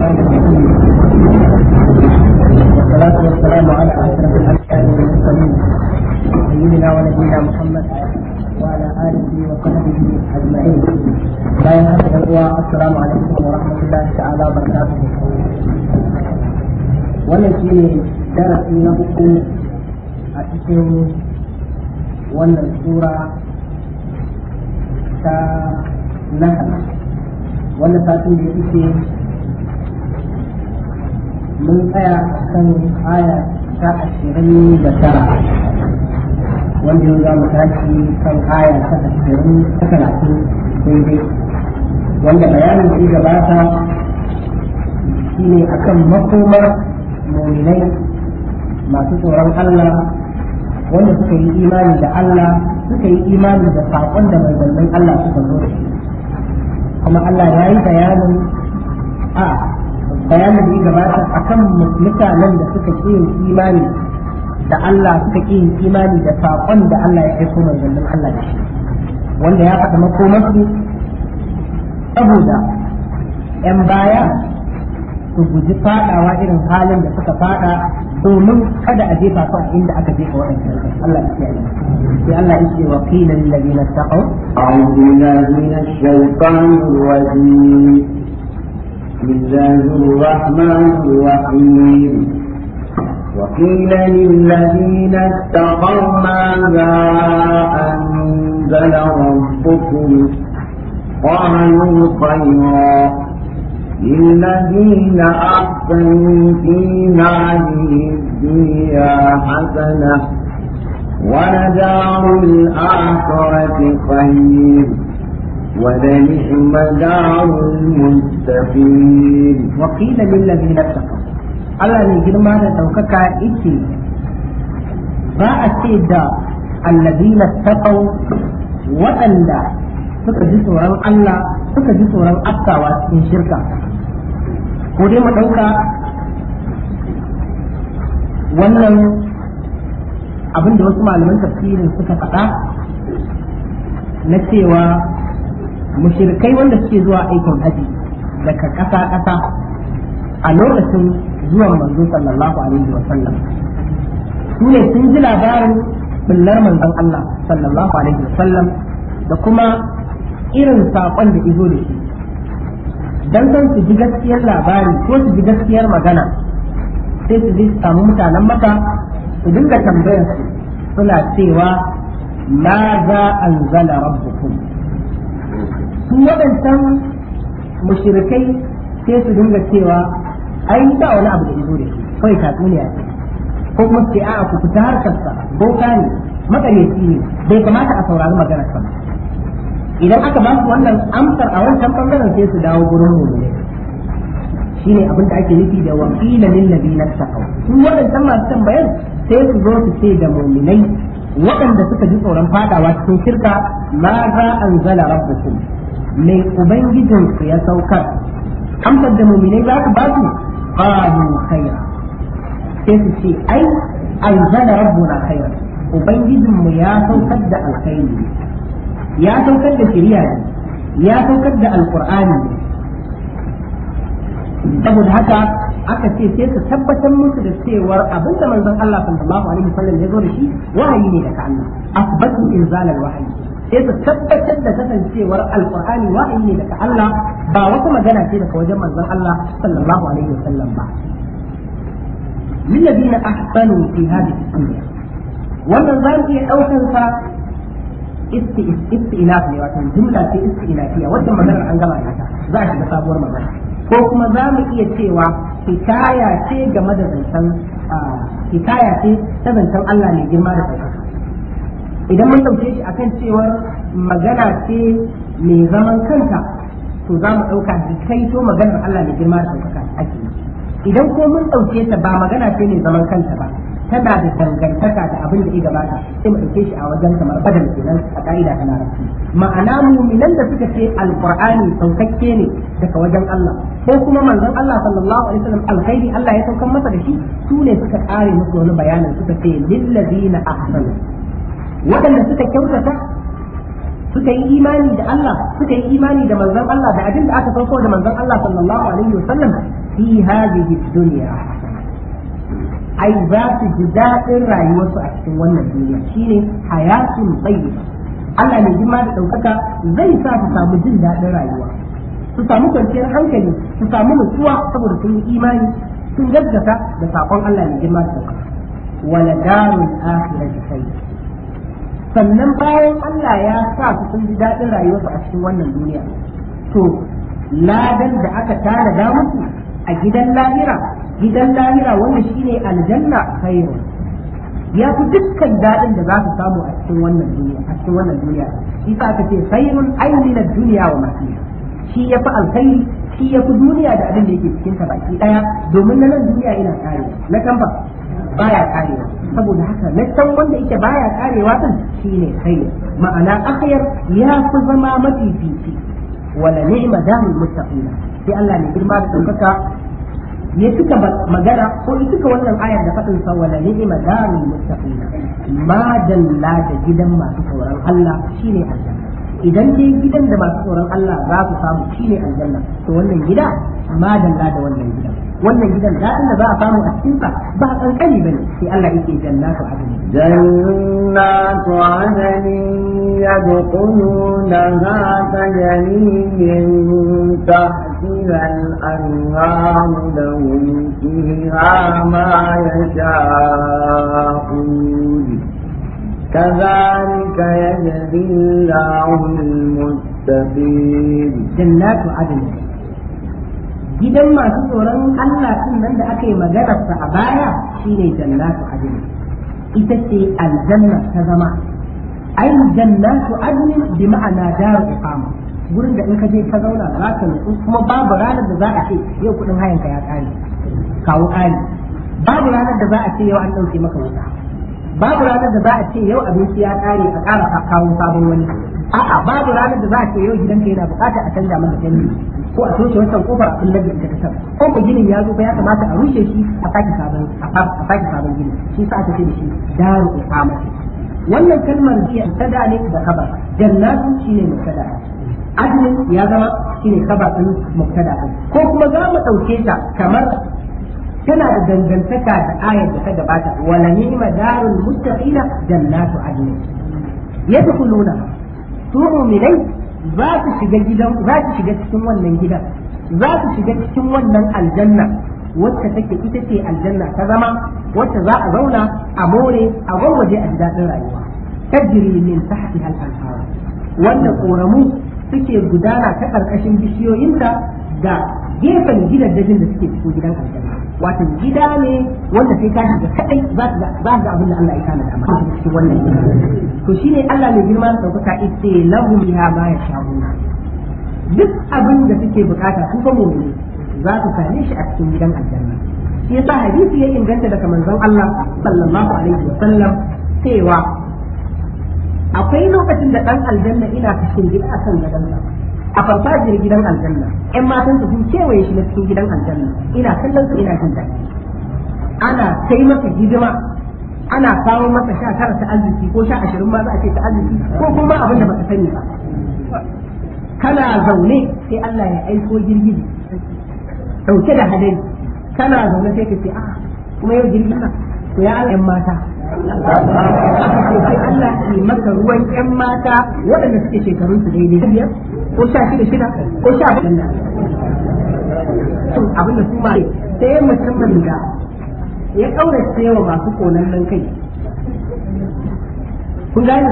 والصلاة والسلام على أشرف الأنبياء والمرسلين سيدنا ونبينا محمد وعلى آله وصحبه أجمعين. لا ينهزم السلام عليكم ورحمة الله تعالى وبركاته. wannan shi ne darasi na uku a cikin wannan sura ta nahar wanda satin da ya mun tsaya kan aya ta ashirin da tara wanda yau za mu tashi kan aya ta ashirin ta talatin daidai wanda bayanin da gabata shi ne akan makomar muminai masu tsoron Allah wanda suka yi imani da Allah suka yi imani da saƙon da mai Allah suka zo da shi kuma Allah ya yi bayanin a bayanin da ya gabata kan mutanen da suka ƙi imani da Allah suka ƙi imani da saƙon da Allah ya aiko manzannin Allah da shi wanda ya faɗa makomarsu saboda 'yan baya su guji faɗawa irin halin da suka faɗa domin kada a jefa su a inda aka jefa waɗansu Allah ya kiyaye sai Allah ya ce wa qila lil ladina taqaw a'udhu billahi minash shaitanir rajim بسم الله الرحمن الرحيم وقيل للذين اتقوا ماذا أنزل ربكم قالوا خيرا للذين أحسنوا في هذه الدنيا حسنة ولدار الآخرة خير ولنعم دار المتقين وقيل للذين اتقوا Allah ne girma da ɗaukaka yake ba ce da allazina taqaw waɗanda suka ji tsoron Allah suka ji tsoron afkawa cikin shirka ko dai mu ɗauka wannan abin da wasu malaman tafsirin suka faɗa na cewa mushrikai wanda suke zuwa aikin haji daga ƙasa ƙasa a lokacin zuwan manzo sallallahu alaihi wa sallam su ne sun ji labarin bullar manzon Allah sallallahu alaihi wa sallam da kuma irin saƙon da izo da shi dan san su ji gaskiyar labari ko su ji gaskiyar magana sai su ji samu mutanen maka su dinga tambayar su suna cewa ma za anzala rabbukum su waɗancan mushrikai sai su dinga cewa ai ba wani abu da ya zo da shi kawai tatsuniya ce ko kuma ce a'a ku fita harkarsa boka ne makaryaci ne bai kamata a saurari maganar sa idan aka ba su wannan amsar a wancan bangaren sai su dawo gurin mu ne shine abin da ake nufi da wakila lil ladina taqaw su waɗannan masu tambayar sai su zo su ce da mu'minai waɗanda suka ji tsoron fadawa cikin shirka ma za anzala rabbukum mai ubangijinsu ya saukar amsar da muminai za ku ba su qalu khaira sai su ce ai anzala rabbuna khaira ubangijinmu ya saukar da alkhairi ya saukar da shari'a ya saukar da alqur'ani saboda haka aka ce sai su tabbatar musu da cewar abin da manzon Allah sallallahu alaihi wasallam ya zo da shi wahayi ne daga Allah asbatu inzalal wahyi sai su tabbatar da kasancewar alqur'ani wa'ayi ne daga Allah ba wata magana ce daga wajen manzon Allah sallallahu alaihi wasallam ba lilladina ahsanu fi hadhihi dunya wannan za mu iya daukar sa istinaf ne wato jumla ce istinafiya wannan magana an gama ta za a shiga sabuwar magana ko kuma za mu iya cewa hikaya ce game da zancen ah, hikaya ce ta zancen Allah mai girma da ɗaukaka idan mun ɗauke shi akan cewar magana ce mai zaman kanta to za mu ɗauka kai to maganar Allah mai girma da ɗaukaka ake idan ko mun ɗauke ta ba magana ce mai zaman kanta ba tana da dangantaka da abin da ya gabata sai mu ɗauke shi a wajen kamar badal kenan a ka'ida ta larabci ma'ana muminan da suka ce alqur'ani saukakke ne daga wajen Allah ko kuma manzon Allah sallallahu alaihi wasallam alkhairi Allah ya saukar masa da shi su ne suka kare musu wani bayanin suka ce lillazina ahsanu waɗanda suka kyautata suka yi imani da Allah suka yi imani da manzon Allah da abin da aka sauko da manzon Allah sallallahu alaihi wasallam fi hadhihi dunya ai za su ji daɗin rayuwarsu a cikin wannan duniya shine hayatun tayyiba Allah ne girma da ɗaukaka zai sa su samu jin daɗin rayuwa su samu kwanciyar hankali su samu nutsuwa saboda sun yi imani sun gaggata da saƙon Allah ne girma da ɗaukaka wala darul akhirati khayr sannan bayan Allah ya sa su sun ji daɗin rayuwarsu a cikin wannan duniya to ladan da aka tara da musu a gidan lahira gidan lahira wanda shine aljanna khairu ya fi dukkan daɗin da za su samu a cikin wannan duniya a cikin wannan duniya shi sa aka ce khairun aini na duniya wa mafiya shi ya fi alkhairi shi ya fi duniya da abin da yake cikin ta baki daya domin na nan duniya ina kare na kan baya karewa saboda haka na san wanda yake baya karewa din shine khair ma'ana akhyar ya fi zama mafi fifi wala ni'ma damul muttaqin sai Allah ne girma da daukaka ya cika magana ko ya cika wannan ayar da fadin sa wala ni'ma damul muttaqin ma dalla da gidan masu tsoron Allah shine aljanna idan dai gidan da masu tsoron Allah za su samu shine aljanna to wannan gida ma dalla da wannan gidan wannan gidan daɗin da za a samu a cikin ba ba kankani bane sai Allah yake jannatu adani jannatu adani yadkhulunaha tajri min tahtiha al-anhar lahum fiha ma yasha'un كذلك يجزي الله المتقين جنات عدن gidan masu tsoron Allah sun nan da aka yi magana sa a baya shine jannatu adini ita ce aljanna ta zama ai jannatu adini bi ma'ana daru iqama gurin da in ka je ka zauna za ka nutsu kuma babu ranar da za a ce yau kudin hayan ka ya kare kawo kare babu ranar da za a ce yau an dauke maka wuta babu ranar da za a ce yau abinci ya kare a kara kawo sabon wani a'a babu ranar da za a ce yau ka yana bukata a canja masa canji ko a toshe wancan kofar a kullum da ta san ko ko ginin ya zo ba ya kamata a rushe shi a saki sabon a saki sabon gini shi sa aka ce da shi daru iqama wannan kalmar ji tada ne da kabar jannatu shine mubtada adlin ya zama shi shine kabar din mubtada ko kuma za mu dauke ta kamar tana da dangantaka da ayar da ta gabata wala ni'ma darul muttaqina jannatu adlin yadkhuluna su mu'minai za su shiga gidan za su shiga cikin wannan gidan za su shiga cikin wannan aljanna wacce take ita ce aljanna ta zama wacce za a zauna a more a warwaje a daɗin rayuwa tajri min tahtiha al-anhar wanda koramu suke gudana ta karkashin bishiyoyinta da gefen gidajen da suke cikin gidan aljanna wato gida ne wanda sai ka shiga kadai za ka za abin da Allah ya kana da amma cikin wannan gida? to shine Allah mai girma da daukaka yace lahum biha ma yasha'una duk abin da suke bukata su fa mu'mini za su same shi a cikin gidan aljanna shi yasa hadisi ya inganta daga manzon Allah sallallahu alaihi wa sallam cewa akwai lokacin da dan aljanna ina cikin gida akan gadan sa a farfajiyar gidan aljanna ƴan matan su sun kewaye shi na cikin gidan aljanna ina kallon su ina jin daɗi ana kai masa hidima ana kawo masa sha tara ta arziki ko sha ashirin ma za a ce ta arziki ko kuma abin da baka sani ba kana zaune sai Allah ya aiko jirgin. dauke da hadari kana zaune sai ka ce a ah, kuma yau jirgin na to ya Allah ƴan mata aka sai Allah ke maka ruwan ƴan mata waɗanda suke shekarun su daidai biyar ko sha shida shida ko sha abin da abin da kuma ma sai musamman da ya kaurace cewa masu konan nan kai kun gane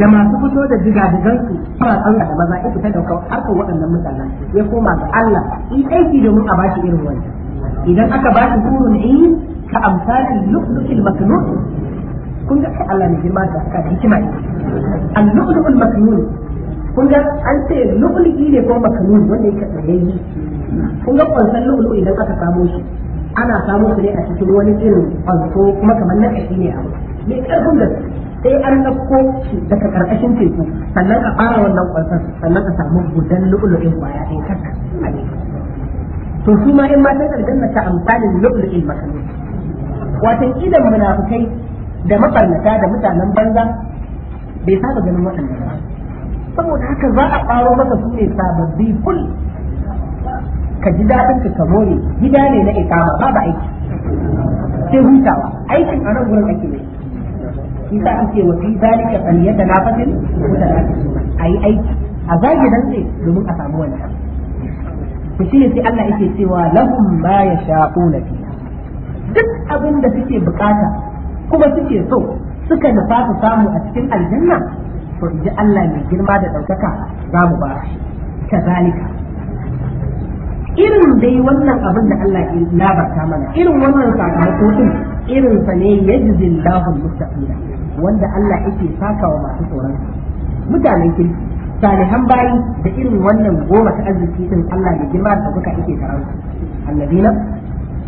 da masu fito da digadigansu suna tsalla da maza ya fita da harkar waɗannan mutanen ya koma ga Allah in aiki domin a bashi irin wani idan aka bashi hurun yi ka amsali lu'lu'il maknun kun ga Allah ne girma da ka hikima al-lu'lu'il maknun kun ga an ce lu'lu'i ne ko makanun wanda yake ni? kun ga kwansan lu'lu idan aka samu shi ana samu su ne a cikin wani irin kwanso kuma kamar na kashi ne a wani. mai karfin da sai an ɗauko shi daga karkashin teku sannan ka fara wannan kwansan sannan ka samu gudan lu'lu'in kwaya ɗin kanka a ne to su ma in matan aljanna ta amsalin lu'lu'in makanun watan idan munafukai da mabarnata da mutanen banza bai saba ganin waɗannan ba saboda haka za a ɓaro masa su ne sababbi ful ka ji daɗin ka kamo gida ne na ikama ba ba aiki sai hutawa aikin a nan wurin ake ne shi sa an ce wa fi zalika faliyata nafasin a yi aiki a zage dan sai domin a samu wani ku shi ne sai Allah yake cewa lahum ma yasha'una fi duk abin da suke bukata kuma suke so suka nufa su samu a cikin aljanna to ji Allah mai girma da ɗaukaka za mu ba shi kazalika irin dai wannan abin da Allah ya labarta mana irin wannan sakamako din irin sa ne yajzi Allahu mustaqila wanda Allah yake saka wa masu tsoron mutanen kin, salihan bayi da irin wannan goma ta arziki din Allah mai girma da ɗaukaka yake karanta annabina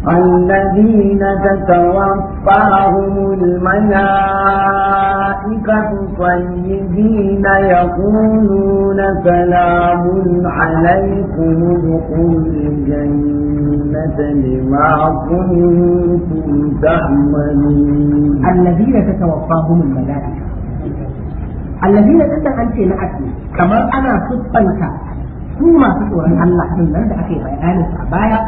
الذين تتوفاهم الملائكة طيبين يقولون سلام عليكم ادخلوا الجنة بما كنتم تعملون الذين تتوفاهم الملائكة الذين تتوفاهم الملائكة كما أنا صدقا ثم تقول أن الله din nan da ake bayanin a baya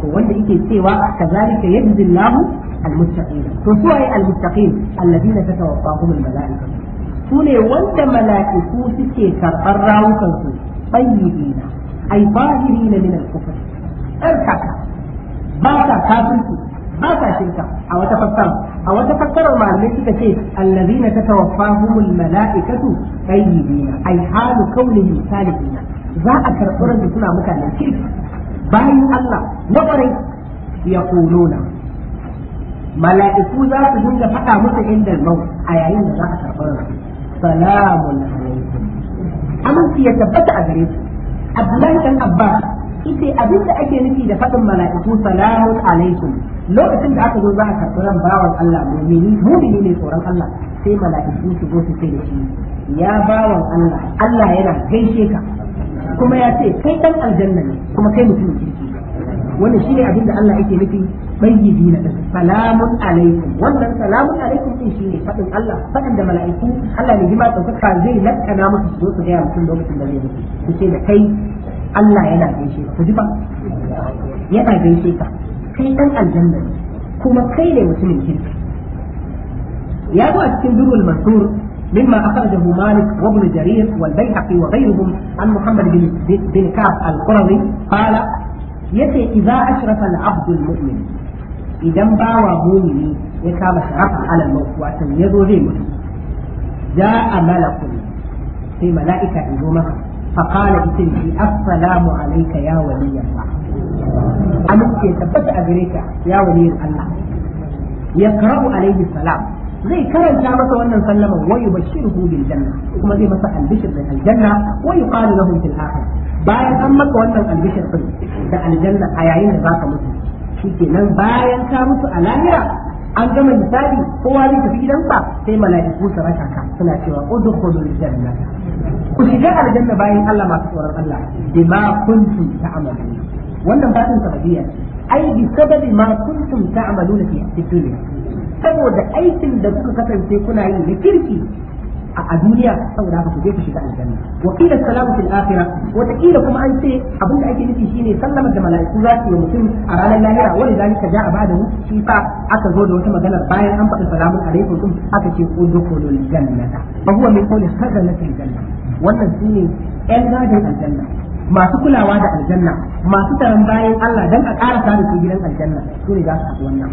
to wanda yake cewa kazalika yajzi Allahu al-muttaqin to su ai al-muttaqin alladina tatawaffahum al-malaika su ne wanda mala'iku suke karɓar rawukan su tayyibina ai bahirina min al-kufr tsarkaka ba ka kafirci ba ka shirka a wata fassara a wata fassarar malamai suka ce alladina tatawaffahum al-mala'ikatu tayyibina ai halu kaunihi salihina za a karɓi da suna mutanen kirki bayan Allah na ƙwarai ya kuluna mala'iku za su dinga faɗa musu inda mau a yayin da za a karɓar rasu salamun alaikum aminci ya tabbata a gare su Abdullahi dan abba ita abin da ake nufi da faɗin mala'iku salamun alaikum lokacin da aka zo za a karɓar ran bawan Allah mumini mumini ne tsoron Allah sai mala'iku su zo su ce da shi ya bawan Allah Allah yana gaishe ka kuma ya ce kai dan aljanna ne kuma kai mutum kirki wannan shine abin da Allah yake nufi bayyibi na da salamun alaikum wannan salamun alaikum din shine fadin Allah fadin da mala'iku Allah ne jima tsaka zai lakana musu su su ga mutum lokacin da zai mutu su ce da kai Allah yana gaishe ka ji ba yana gaishe ka kai dan aljanna ne kuma kai ne mutumin kirki ya zo a cikin durul masur مما أخرجه مالك وابن جرير والبيهقي وغيرهم عن محمد بن بن كعب القرظي قال يتي إذا أشرف العبد المؤمن إذا باوى مؤمن يكاب شرف على الموت وأتن يذو جاء ملك في ملائكة إذومه فقال إتنشي السلام عليك يا ولي الله أنت تبت أبريك يا ولي الله يقرأ عليه السلام zai karanta masa wannan sallama wa yubashshiruhu bil janna kuma zai masa albishir da aljanna wa yuqalu lahu fil akhir bayan an maka wannan albishir din da aljanna a yayin da zaka mutu shikenan bayan ka mutu a lahira an gama misali kowa zai tafi gidansa sai mala'iku su raka ka suna cewa udkhulul jannata ku shiga aljanna bayan Allah masu tsoron Allah bima kuntum ta'malun wannan fatin sabbiya ai bi sababi ma kuntum ta'maluna fi dunya saboda aikin da suka kasance kuna yi na kirki a duniya saboda haka ku je ku shiga aljanna wa qila salamu fil wata kila kuma an ce abin da ake nufi shine sallama da mala'iku za su yi mutum a ranar lahira wani zalika ja'a ba'da shi fa aka zo da wata magana bayan an faɗi salamun alaikum sun aka ce udkhulul jannata fa huwa min qawli khazanatil janna wannan shine ƴan gadin aljanna masu kulawa da aljanna masu taron bayan Allah dan a ƙara sa da su gidan aljanna su ne za su wannan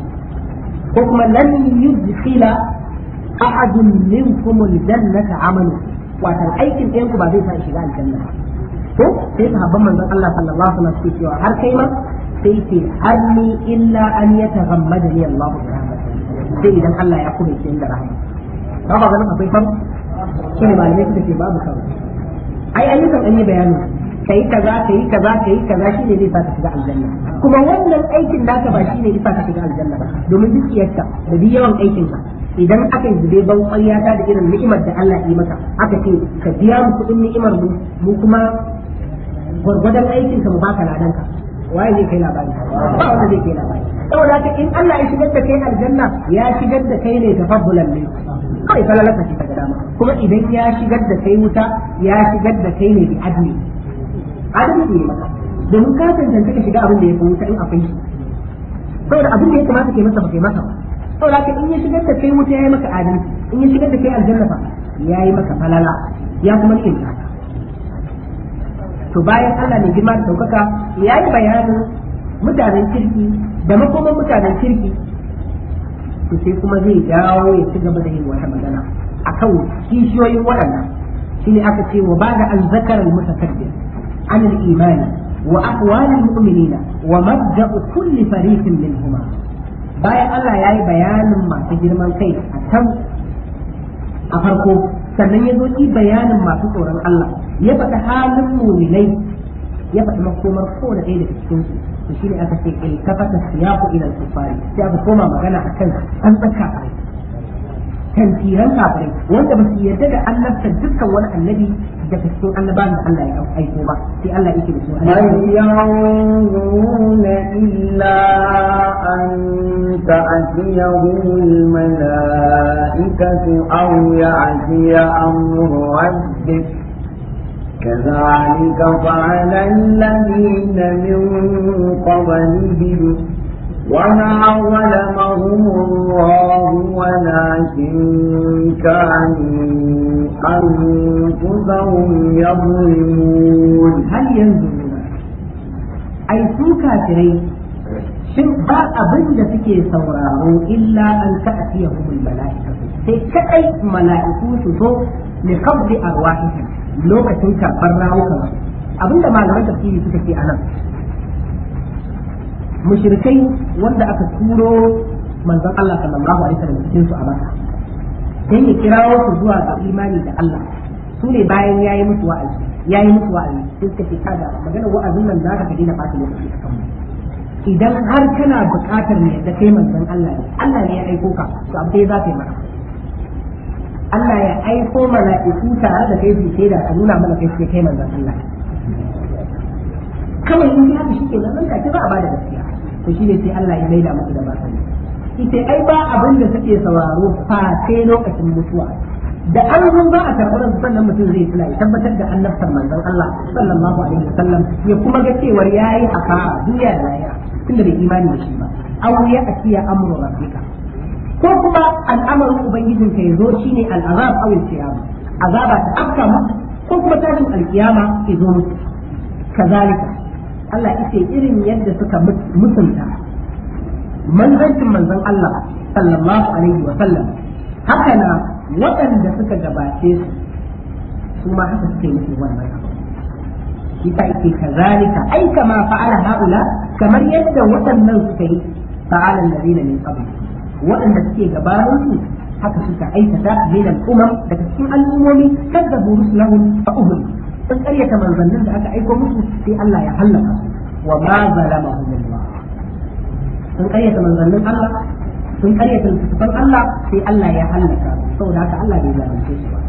ko kuma lan yudkhila ahadun minkum aljannata amalu wato aikin ɗayan ba zai sa shiga aljanna to sai sahabban manzon Allah sallallahu alaihi wasallam cewa har kai ma sai ce har illa an yataghammada ni Allah sai idan Allah ya kuma shi da rahama ba ba ganin akwai fam shi ne malamai suka ce babu an yi bayanin Ka yi kaza ka yi kaza ka yi kaza shi ne zai sa ka shiga aljanna kuma wannan aikin naka ba shi ne zai sa ka shiga aljanna ba domin duk iyarka da duk yawan aikin ka idan aka yi zube ban ta da irin ni'imar da Allah ya maka aka ce ka biya mu kuɗin ni'imar mu mu kuma gwargwadon aikin ka mu baka ladan ka waye zai kai labari ba wanda zai kai labari saboda haka in Allah ya shigar da kai aljanna ya shigar da kai ne ta tafabbulan ne kai falalaka shi ta dama kuma idan ya shigar da kai wuta ya shigar da kai ne bi adli adalci ne maka domin ka tantance ka shiga abin da ya fi wuta in akwai shi saboda abin da ya kamata ke masa ba kai masa ba saboda ka in ya shigar da kai wuta ya yi maka adalci in ya shigar da kai aljanna ba ya yi maka falala ya kuma nake ka to bayan Allah ne girma da daukaka ya yi bayanin mutanen kirki da makoman mutanen kirki to sai kuma zai dawo ya ci gaba da yin wata magana akan kishiyoyin waɗannan ne aka ce wa ba da alzakar al-mutakabbir عن الإيمان وأقوال المؤمنين ومبدأ كل فريق منهما bayan Allah ya yi bayanin masu girman kai a can a farko sannan ya zo yi bayanin masu tsoron Allah ya faɗi halin muminai ya faɗi makomar kowane ɗaya daga cikin su to shine aka ce il kafata siyaku ila al-kufari sai aka koma magana akan an wanda ba yarda da annabta dukkan wani annabi daga cikin annabawan da Allah ya aiko ba sai Allah yake da su an yanzuruna illa an ta'tiyahum al-mala'ikatu aw ya'tiya amru rabbik كذلك فعل الذين من قبلهم وما ظلمهم الله ولكن كانوا أنفسهم يظلمون هل ينظرون أي سوكا تري shin ba abin da suke sauraro illa an ta'tiya humul mala'ikatu sai kadai mala'iku su zo li qabdi arwahihim lokacin karbar rawuka abinda malaman tafsiri suka ce anan mushrikai wanda aka turo manzon Allah sallallahu alaihi wasallam cikin su a Makka dan ya kirawo su zuwa ga imani da Allah su ne bayan yayi musu wa'azi yayi musu wa'azi sai suka ce kada magana wa'azin nan zaka ka daina fata lokaci a kanmu idan har kana buƙatar ne da kai manzon Allah ne Allah ne ya aiko ka to abu dai za ka yi maka Allah ya aiko mala'iku tare da kai su shaida ka nuna mana kai sai kai manzon Allah kawai in ya fi shi ke nan ka ba a bada gaskiya to ne sai Allah ya maida musu da basani ita ai ba abin da suke sauraro fa sai lokacin mutuwa da annabin ba a karɓi sannan mutum zai tuna ya tabbatar da annabtar manzon Allah sallallahu alaihi wasallam ya kuma ga cewar yayi haka duniya da lahira tunda bai imani da shi ba aw ya atiya amru rabbika ko kuma al'amarin ubangijinka ya zo shine al'azab aw al-qiyama azaba ta afka ko kuma tashin alkiyama ya zo kazalika Allah ita irin yadda suka mutunta manzancin manzon Allah sallallahu alaihi wa sallam haka na waɗanda suka gabace su su ma haka suke musu wannan ita ake kazalika ai kama fa'ala haula kamar yadda waɗannan suka yi fa'alan ladina min qabl waɗanda suke gabanin su haka suka aikata min al-umam daga cikin al'ummomi kadzabu rusulahum fa uhum sun karyata manzannin da aka aiko musu sai Allah ya hallaka su wa ma zalamahum Allah sun karyata manzannin Allah sun karyata littattafan Allah sai Allah ya hallaka su saboda haka Allah bai zalunce su ba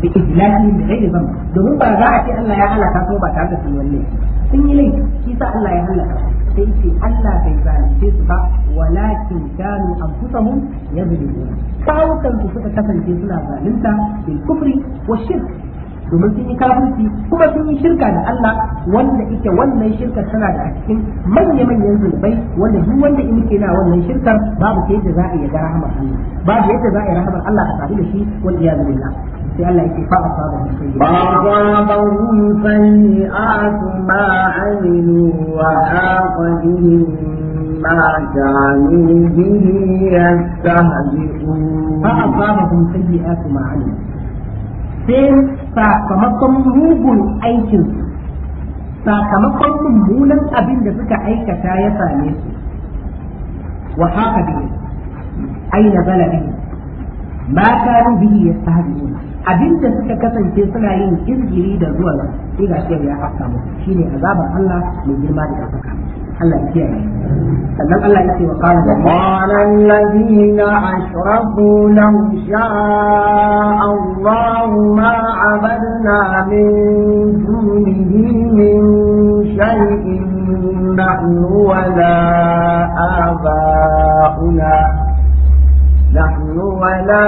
bi islahi da gairi zamba domin ba za a ce Allah ya halaka su ba tare da sun walle sun yi laifi shi sa Allah ya halaka sai ce Allah bai zalunce su ba walakin kanu anfusahum yazlimun kawukan su suka kasance suna zalunta bil kufri wa shirk domin sun yi kafirci kuma sun yi shirka da Allah wanda ita wannan shirka tana da a cikin manya-manyan zulbai wanda duk wanda in ke na wannan shirka, babu ta yadda za a yi ga rahamar Allah babu yadda za a yi rahamar Allah a sadu da shi wal iyadu billah sai Allah yake fa asabahum sayyi'at ba asabahum sayyi'at ma amilu wa aqadihim Ba كانوا به يستهزئون فأصابهم سيئات ما عملوا sai sakamakon mugun su, sakamakon mummunan abin da suka aikata ya same su wa haka bi aina balabi ma kanu ya sami abin da suka kasance suna yin izgiri da zuwa sai ga shi ya haka mu shine azabar Allah mai girma da ɗaukaka musu الله وقال الذين أشركوا لو شاء الله ما عبدنا من دونه من شيء نحن ولا آباؤنا نحن ولا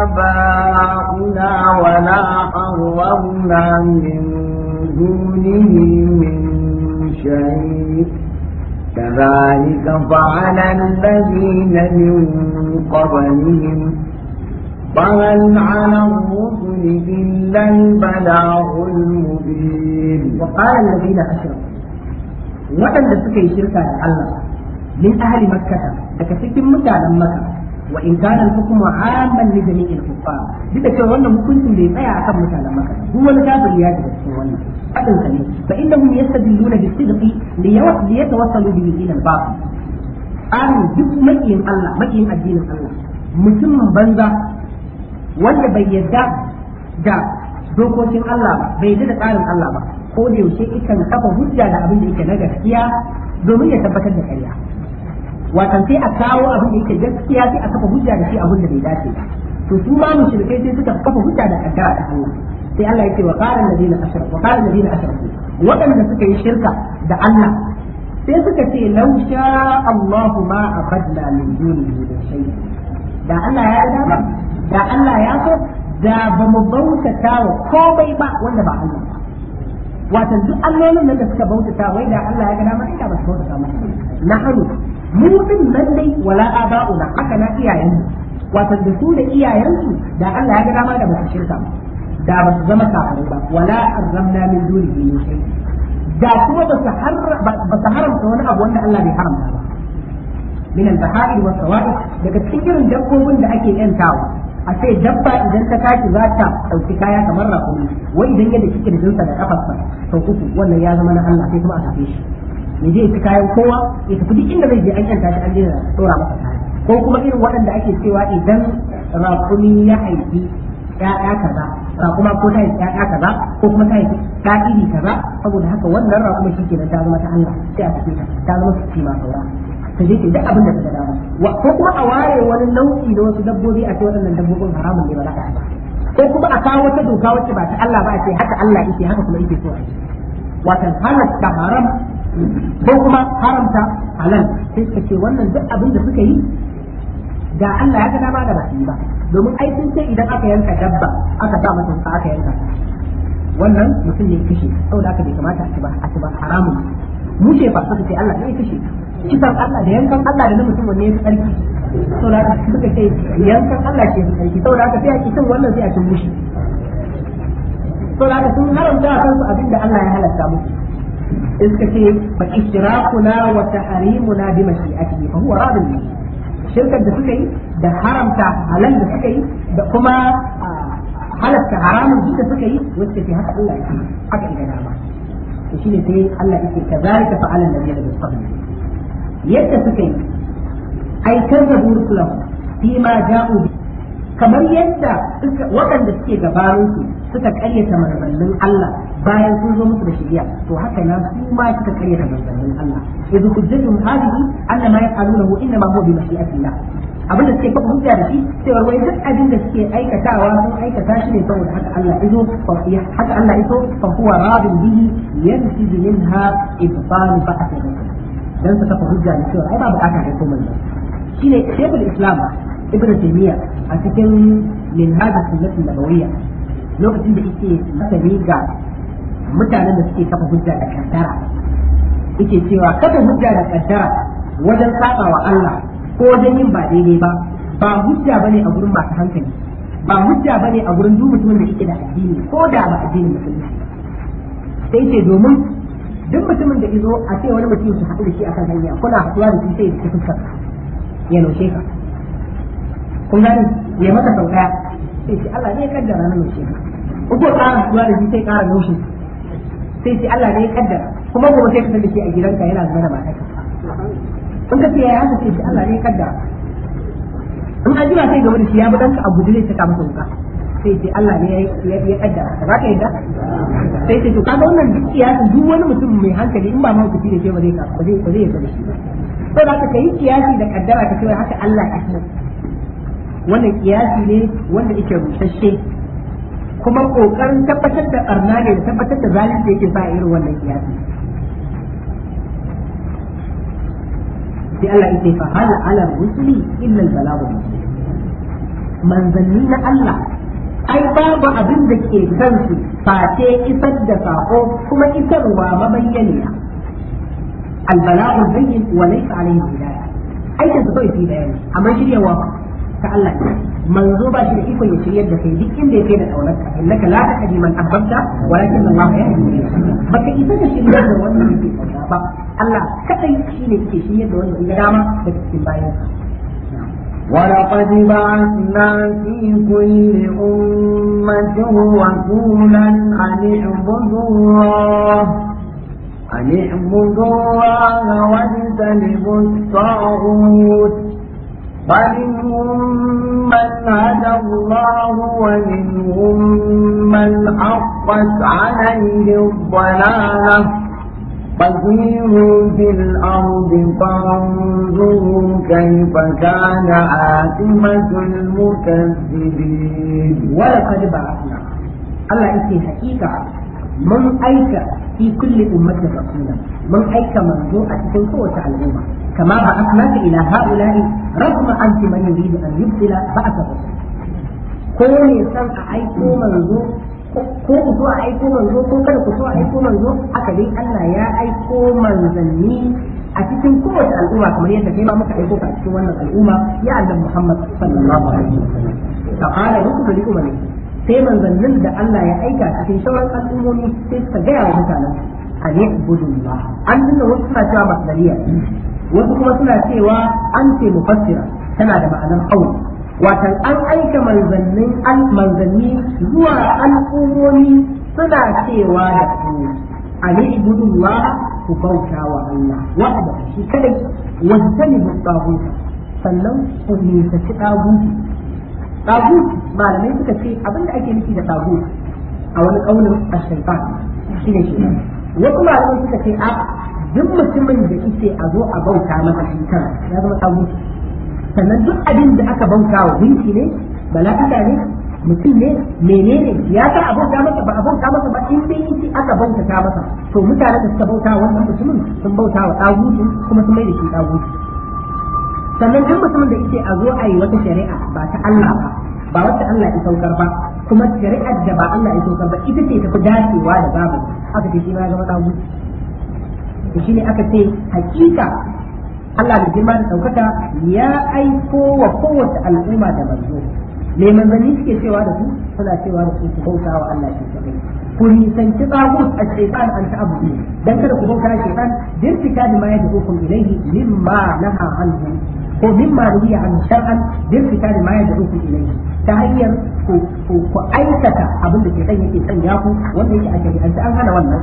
آباؤنا ولا قربنا من دونه من شريك كذلك فعل الذين من قبلهم فهل على الرسل إلا البلاغ المبين وقال الذين أشركوا وأن suka yi shirka da Allah min ahli makkata daga cikin mutanen wa in kana al-hukmu amman li jami'il kuffar duk da cewa wannan hukuncin bai tsaya akan mutanen maka duk wani kafiri ya shiga cikin wannan fadin sa ne fa innahum yastadilluna bi sidqi li yatawassalu bihi ila al an duk makiyin Allah makiyin addinin Allah mutumin banza wanda bai yadda da dokokin Allah ba bai yadda da tsarin Allah ba ko da yaushe ikan kafa hujja da abin da yake na gaskiya domin ya tabbatar da ƙarya watan sai a kawo abin da yake gaskiya sai a kafa hujja da shi abin da bai dace ba to su ma mushrikai sai suka kafa hujja da kaddara ta Allah sai Allah yake wa qala alladhina ashraku wa qala alladhina ashraku wadanda suka yi shirka da Allah sai suka ce law sha Allahu ma akhadna min dunihi da shay da Allah ya ba. da Allah ya so da ba mu bautata wa komai ba wanda ba Allah ba watan duk allolin nan da suka bautata wai da Allah ya ga dama ina ba su bautata masa nahanu mu din dai wala aba'una haka na iyayen wato da su da iyayensu da Allah ya ga dama da basu shirka da ba su zama kafare ba wala arramna min dunihi min shay da kuma ba su haramta wani abu wanda Allah bai haramta ba min al-bahari wa sawa'i daga cikin irin dabbobin da ake yantawa a sai dabba idan ta tashi za ta ɗauki kaya kamar rakumi wai idan yadda kike da jinsa da kafarsa sau uku wannan ya zama na Allah sai kuma a tafi shi ya zai fi kayan kowa ya tafi duk inda zai je an yanta shi an je tsora masa kaya ko kuma irin waɗanda ake cewa idan raƙumi ya haifi ya'ya kaza raƙuma ko ta haifi ya'ya kaza ko kuma ta haifi ta iri kaza saboda haka wannan raƙuma shi kenan ta zama ta Allah sai a tafi ta zama su ci ma saura ta je ke duk abin da ta dama ko kuma a ware wani nau'i da wasu dabbobi a ce waɗannan dabbobin haramun ne ba za a ko kuma a kawo wata doka wacce ba ta Allah ba a ce haka Allah yake haka kuma yake so a yi watan halatta haram ko kuma haramta halal sai ka ce wannan duk abin da suka yi da Allah ya ga dama da ba su yi ba domin ai sun ce idan aka yanka dabba aka sa mata sa aka yanka wannan mutum ne kishi saboda aka bai kamata a ci ba a ci ba haramun mu ce fa suka ce Allah ne kishi kisan Allah da yankan Allah da na mutum wanne ya fi tsarki saboda aka suka ce yankan Allah ke fi tsarki saboda aka sai a ci wannan sai a ci mushi saboda aka sun haramta a kansu abin da Allah ya halatta musu in suka ce fa ishrakuna wa tahrimuna bi mashi'atihi fa huwa radin bi shirkar da suka yi da haramta halal da suka yi da kuma halatta haramun da suka yi wacce ke haka Allah ya haka ga dama to shine sai Allah yake kazalika fa alal nabiyyi da sabr yadda yi fi ma ja'u kamar yadda waɗanda suke gabarin suka karyata manzannin Allah bayan sun zo musu da shari'a to haka nan su ma suka karyata manzannin Allah idh hujjatun hadhihi anna ma yaquluhu inna ma huwa bi mashi'atillah abinda suke kafa hujja da shi cewa wai duk abin da suke aikatawa sun aikata shi ne saboda haka Allah izo haka Allah izo fa huwa radin bihi yansibu minha ibtal ba'athihi dan su kafa hujja da cewa ai ba bukata ne ko manzo shine shaykhul islam ibnu taymiya a cikin min hada sunnati nabawiyya lokacin da yake masani ga mutanen da suke kafa hujja da kaddara ita cewa kafa hujja da kaddara wajen saba wa Allah ko wajen yin ba daidai ba ba hujja bane a gurin masu hankali ba hujja bane a gurin duk mutumin da yake da addini ko da ba addini ba sai ce domin duk mutumin da izo a ce wani mutum su haɗu da shi akan hanya kuna haɗuwa da shi sai da fuskar ya naushe ka kun gani ya maka sauka sai ce Allah ne ya kaddara na naushe ka ko ƙara haɗuwa da shi sai ƙara naushi sai sai Allah ne ya kaddara kuma kuma sai ka da shi a gidanka yana zama da matarka in ka siya ya haka sai Allah ne ya kaddara in an jira sai gaba da shi ya bi danka a guji ne saka masa wuka sai sai Allah ne ya kaddara ta ka yadda sai sai to kaga wannan duk siyasa duk wani mutum mai hankali in ba ma kuci da ke ba zai ka ba zai ba zai yadda shi to za ka yi kiyasi da kaddara ka ce haka Allah ya kaddara wannan kiyasi ne wanda yake rusasshe kuma kokarin tabbatar da arna ne da tabbatar da zalunci yake sa irin wannan kiyasi sai Allah yake fa hal ala rusuli illa al balagu manzanni na Allah ai babu abin da ke su face isar da sako kuma isarwa mabayyaniya al balagu bayyin wa laysa alayhi hidayah aikin su kawai fi bayani amma shiryawa ta Allah manzo ba shi da ikon ya shiryar da kai duk inda ya kai da kaunarka innaka la tahdi man ahbabta walakin Allah yahdi man yasha baka isa ka shirya da wannan yake ba Allah kadai ne yake shirya da wanda ya dama da cikin bayan ولقد بعثنا في كل أمة رسولا أن اعبدوا الله أن اعبدوا الله واجتنبوا الطاغوت فمنهم من هدى الله ومنهم من حقت عليه الضلالة فسيروا في الأرض فانظروا كيف كان عاقبة المكذبين ولقد بعثنا الله يكفي حقيقة mun aika fi kulli ummatin rasula mun aika manzo a cikin kowace al'umma kama ba asnaka ila haula'i rahma anti man yuridu an yubtila ba'athahu ko ne san a aiko manzo ko ku a aiko manzo ko kada ku a aiko manzo haka dai Allah ya aiko manzanni a cikin kowace al'umma kamar yadda kai ma muka aiko ka cikin wannan al'umma ya Allah Muhammad sallallahu alaihi wasallam fa qala rusul li ne. sai manzannin da Allah ya aika cikin sauran al'ummomi sai suka gaya wa mutanen a ne budullah an nuna wasu suna cewa masdariya wasu kuma suna cewa an ce mufassira tana da ma'anar hauli watan an aika manzannin manzanni zuwa al'ummomi suna cewa da su a ne budullah ku bauta wa Allah wa'ada shi kadai wajtani bi sannan ku nisaci dagutu tagut malamai suka ce abin da ake nufi da tagut a wani kaunin ashaitan shine shi wasu malamai suka ce a duk mutumin da yake a zo a bauta masa shi kan ya zama tagut sannan duk abin da aka bauta wa gunki ne bala'ika ne mutum ne menene ya san abauta masa ba abauta masa ba in dai yake aka bauta masa to mutane da suka bauta wannan mutumin sun bauta wa tagutu kuma sun mai da shi tagutu sannan duk mutumin da yake a zo a yi wata shari'a ba ta Allah ba ba wacce Allah ya saukar ba kuma shari'ar da ba Allah ya saukar ba ita ce ta fi dacewa da babu aka ce shi ma ga madawu to shine aka ce hakika Allah da girma da saukata ya aiko wa kowace al'umma da manzo me manzanni suke cewa da su suna cewa da su bauta wa Allah shi kadai ku nisanci tsagut a shaitan an ta abu dan kada ku bauta shaitan dirtika da ma ya dukum ilaihi mimma naha anhu ko mimma nuhiya an shar'an bil fitani ma yad'ukum ilayhi ta hanyar ku aikata abin da ke kan yake sanya ku wanda yake a shari'ance an hana wannan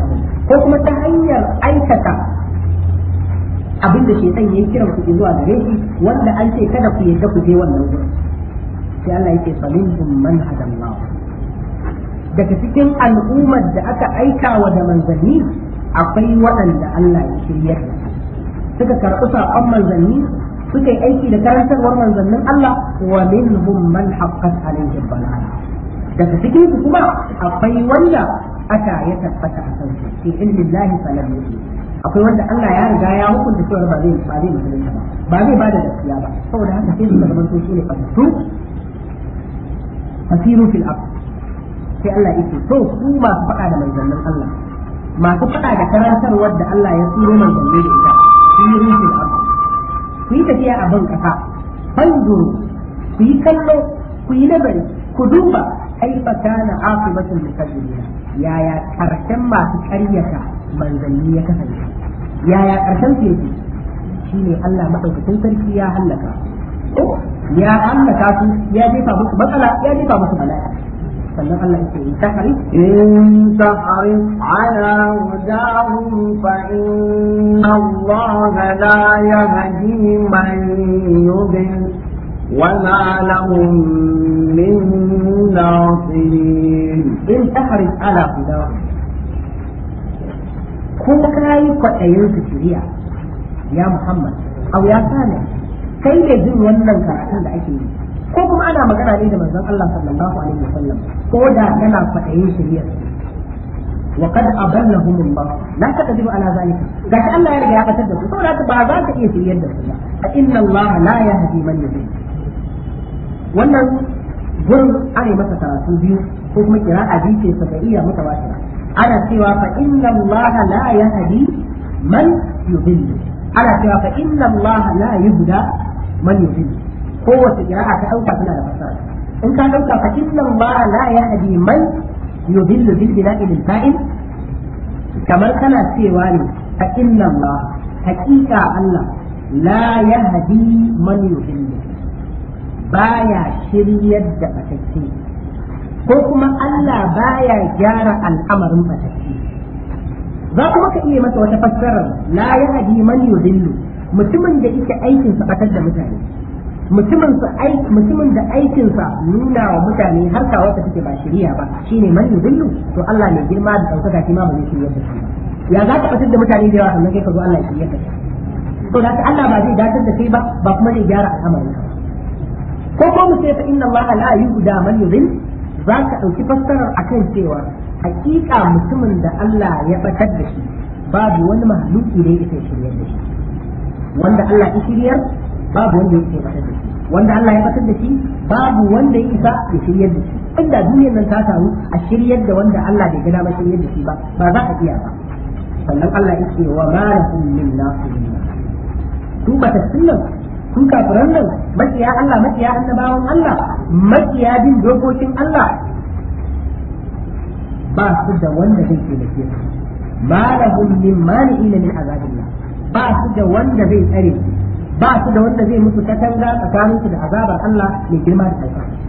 ko kuma ta hanyar aikata abin da shetan ya kira ku zuwa gare shi wanda an ce kada ku yadda ku je wannan gurin sai Allah yake salinhum man hadallahu daga cikin al'ummar da aka aika wa da manzanni akwai waɗanda Allah ya shirya suka karɓi saƙon manzanni suka yi aiki da karantarwar manzannin Allah wa minhum man haqqat alayhi balala daga cikin su kuma akwai wanda aka ya tabbata a kan su fi ilmillahi falam yuti akwai wanda Allah ya riga ya hukunta cewa ba zai ba zai musulunta ba ba zai bada gaskiya ba saboda haka sai suka zama shi ne fatattu fasiru fil ard sai Allah yake to ku masu faɗa da manzannin Allah masu faɗa da karantarwar da Allah ya tsiro manzanni da ita fasiru fil ard ku yi tafiya a ban kasa fanzuru ku yi kallo ku yi nazari ku duba ai kaifa kana aqibatul mukadzibina yaya karshen masu karyata manzanni ya kasance yaya karshen su yake shine Allah madaukakin sarki ya halaka ya halaka su ya jefa musu matsala ya jefa musu bala'i sannan Allah ya ce in ta hari in ta hari ala wajahu fa inna Allah la yahdi man yudhil wa ma lahum min nasirin in ta hari ala wajahu da kana yi kwaɗayin su shirya ya Muhammad abu ya sani kai ne jin wannan karatun da ake yi ko kuma ana magana ne da manzon Allah sallallahu alaihi wasallam ko da kana fadayin shari'a wa qad aballahum Allah la taqdiru ala zalika da Allah ya riga ya fatar da su saboda haka ba za ka iya shiriyar da su ba fa inna Allah la yahdi man yudhil wannan gurin ana masa karatu biyu ko kuma kira'a biyu ce sabaiya mutawatira ana cewa fa inna Allah la yahdi man yudhil ana cewa fa inna Allah la yahda man yudhil kowace qira'a ta dauka tana da fassara in ka dauka fa inna allaha la yahdi man yudillu bil bila'i lil fa'il kamar kana cewa ne a inna allaha hakika allah la yahdi man yudillu baya shiryar da fatacce ko kuma Allah baya gyara al'amarin fatacce za kuma ka iya masa wata fassarar la yahdi man yudillu mutumin da yake aikin sa da mutane mutumin sa aiki mutumin da aikin sa nuna wa mutane harka ka wata take ba shari'a ba shine man yudillu to Allah mai girma da daukaka shi ma ba zai shirya da shi ya za ka fitar da mutane da yawa sannan kai ka zo Allah ya shirya da shi to da Allah ba zai datar da kai ba ba kuma zai gyara al'amarin ka ko ko mu ce fa inna Allah la yuhda man yudil za ka dauki fassarar akan cewa hakika mutumin da Allah ya batar da shi babu wani mahluki da yake shirya da shi wanda Allah ya shirya. babu wanda yake mata da shi wanda Allah ya fatar da shi babu wanda ya isa ya shiryar da shi inda duniyar nan ta taru a shiryar da wanda Allah bai gina ba shiryar da shi ba ba za a iya ba sannan Allah ya ce wa malakum min nasirin ku ba tasallin ku kafiran nan makiya Allah makiya annabawan Allah makiya bin dokokin Allah ba su da wanda zai ke da ke malahum min mani'ina min azabillah ba su da wanda zai tsare su ba su da wanda zai musu katanga tsakanin su da azabar Allah mai girma da ɗaukaka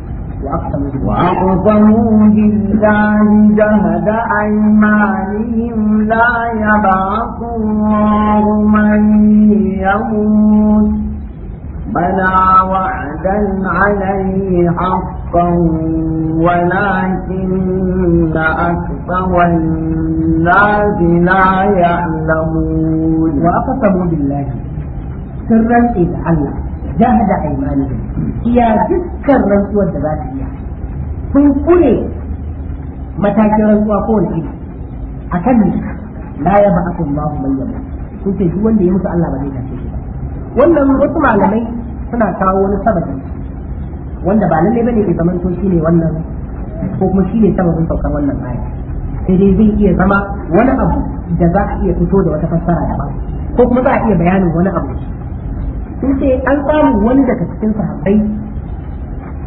وأقسموا بالله جهد أيمانهم لا يبعث الله من يموت بلى وعدا عليه حقا ولكن أكثر الناس لا يعلمون وأقسموا بالله sun ɗaya da Allah da aimanihim iya dukkan rantsuwar da za ta iya sun kure matakin rantsuwa ko wani iri a kan ne la ya ba akun ba mai yamma sun ce duk wanda ya mutu Allah ba zai tashi shi wannan wasu malamai suna kawo wani sababi wanda ba lalle bane ya zamanto shine wannan ko kuma shine sababin saukar wannan aya sai dai zai iya zama wani abu da za a iya fito da wata fassara daban ko kuma za a iya bayanin wani abu sun ce an samu wani daga cikin sahabbai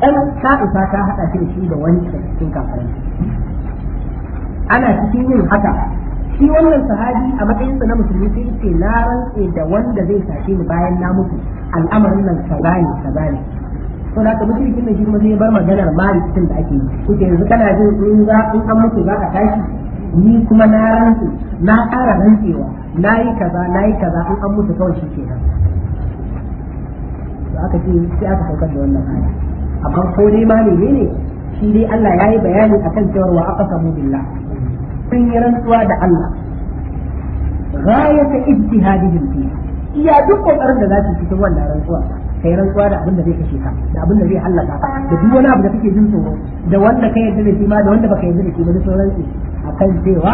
ɗan sha'ifa ta haɗa shi da shi da wani daga cikin kafirai ana cikin yin haka shi wannan sahabi a matsayinsa na musulmi sai ce na rantse da wanda zai sake ni bayan na mutu al'amarin nan kaza ne kaza ne to da kuma shi kuma sai bar maganar mali cikin da ake yi kuke yanzu kana jin in za in an mutu za ka tashi ni kuma na rantse na ƙara rantsewa na yi kaza na yi kaza in an mutu kawai shi kenan to aka ce sai aka saukar da wannan aya amma ko dai ma ne? shi dai Allah ya yi bayani akan cewa wa aqsamu billah sun yi rantsuwa da Allah ghayata ijtihadihim fi iya duk kokarin da za su cikin wannan rantsuwa kai rantsuwa da abin da zai kashe ka da abin da zai halaka da duk wani abu da kake jin tsoro da wanda kai yarda da shi ma da wanda baka yarda da shi ba da sauran su akan cewa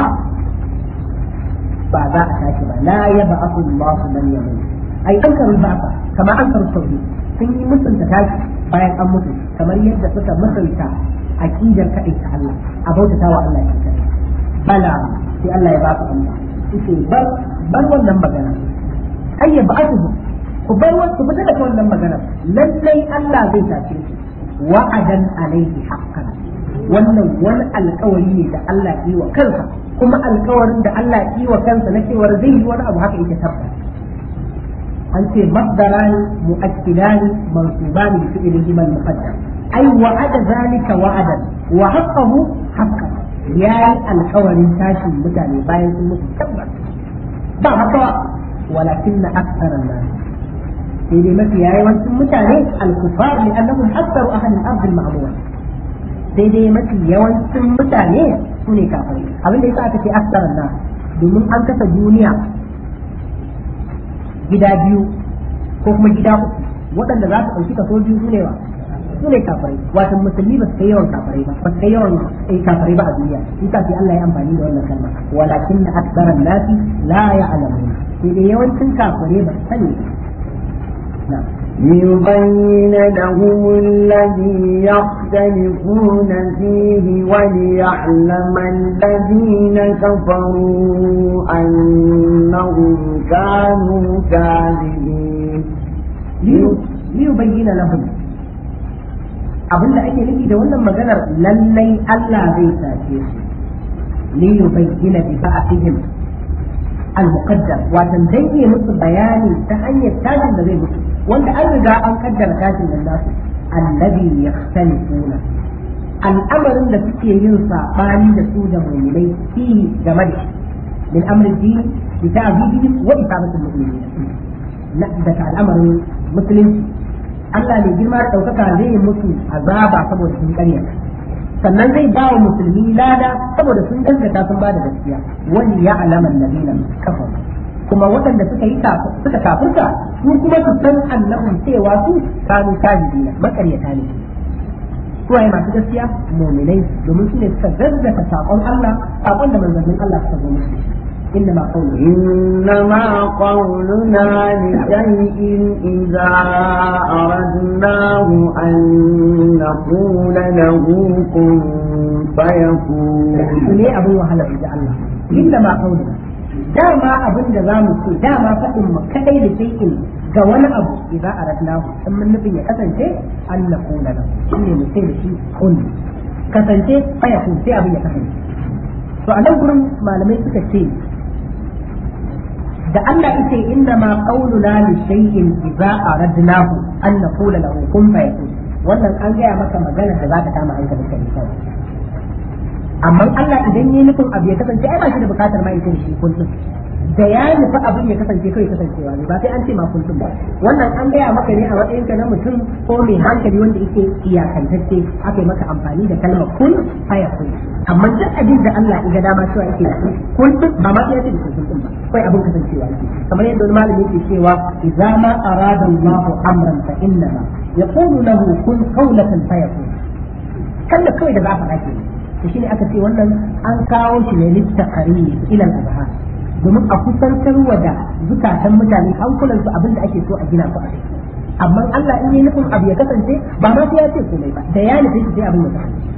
ba za a tashi ba la yab'athu Allahu man yamut ai an karu ba kama an karu tauhid sun yi mutunta tashi bayan an mutu kamar yadda suka mutunta aqidar kadai ta Allah a bautata wa Allah shi kadai bala sai Allah ya ba ku amsa yake bar bar wannan magana ayya ba'atuhu ku bar ku fita da wannan magana lallai Allah zai tace shi wa'adan alaihi haqqan wannan wani alkawari ne da Allah yi wa kansa kuma alkawarin da Allah yi wa kansa na cewar zai yi wani abu haka yake tabbata an ce masdarani mu'akkilani mansubani bi fi'li liman muqaddam ai wa'ada zalika wa'adan wa haqqahu haqqan yayi alkawarin tashin mutane bayan sun mutu tabbas ba haka walakinna aktharan nas sai dai mafi yawancin mutane al-kufar li'annahum aktharu ahli al-ard al-ma'mura sai dai mafi yawancin mutane su ne kafirai abin da yasa aka ce aktharan nas domin an kasa duniya gida biyu ko kuma gida uku waɗanda za su ɗauki kaso biyu su ne ba su ne kafirai wato musulmi ba su kai yawan kafirai ba ba su kai yawan eh, kafirai ba a duniya shi ta sai Allah ya amfani da wannan kalma walakin da akbaran nasi la alamu sai dai yawancin kafirai ba su sani na'am ليبين لهم الذي يختلفون فيه وليعلم الذين كفروا أنهم كانوا كاذبين ليبين لهم abin da ake nufi da wannan maganar lallai Allah zai sace su li yubayyana bi ba'athihim al-muqaddam watan dai musu bayani ta hanyar tajin da zai musu wanda an riga an kaddara tashin nan nasu annabi yakhtalifuna al'amarin da suke yin sabani da su da mu'minai fihi game da min amrin dini bi ta'bidi wa isabatul mu'minin na da al'amarin musulunci Allah ne girma da ɗaukaka zai yi musu azaba saboda sun karya sannan zai ba wa musulmi lada saboda sun gaskata sun ba da gaskiya wani ya alaman nabi na kafa kuma waɗanda suka yi suka kafirta su kuma su san annahum cewa su kanu kajibina makaryata ne su waye masu gaskiya mu'minai domin su ne suka zazzaka saƙon Allah saƙon da manzannin Allah suka zo musu إنما إنما قولنا لشيء إذا أردناه أن نقول له كن فيكون. إنما قولنا dama abin da za mu ce dama faɗin mu kaɗai da shay'in ga wani abu idza aradnahu in mun nufin ya kasance an naqula lahu ne mu sai da shi kun kasance faya kun sai abin ya kasance to a nan gurin malamai suka ce da Allah yake inna ma qawluna li shay'in idza aradnahu an naqula lahu kun fayakun wannan an gaya maka magana da za ka kama hankalin ka ne amma Allah idan yayi nufin abu ya kasance ai ba shi da bukatar ma yake shi kullum da ya nufi abin ya kasance kawai kasancewa ne ba sai an ce ma kullum ba wannan an gaya maka ne a matsayin ka na mutum ko mai hankali wanda yake iyakantacce aka yi maka amfani da kalmar kun faya kun amma duk abin da Allah ya ga dama cewa yake da kullum ba ma sai ya ce da kullum ba kai abin kasancewa ne kamar yadda wani malami yake cewa idza ma arada Allahu amran fa innama yaqulu lahu kun qawlatan fayakun kalla kawai da za ka faɗa to shine aka ce wannan an kawo shi ne littaqari ila al-abhar domin a kusantarwa da zukatan mutane hankulan su abinda ake so a gina su a amma Allah in yi nufin abu ya kasance ba ma sai ya ce komai ba da ya nufi sai abin ya kasance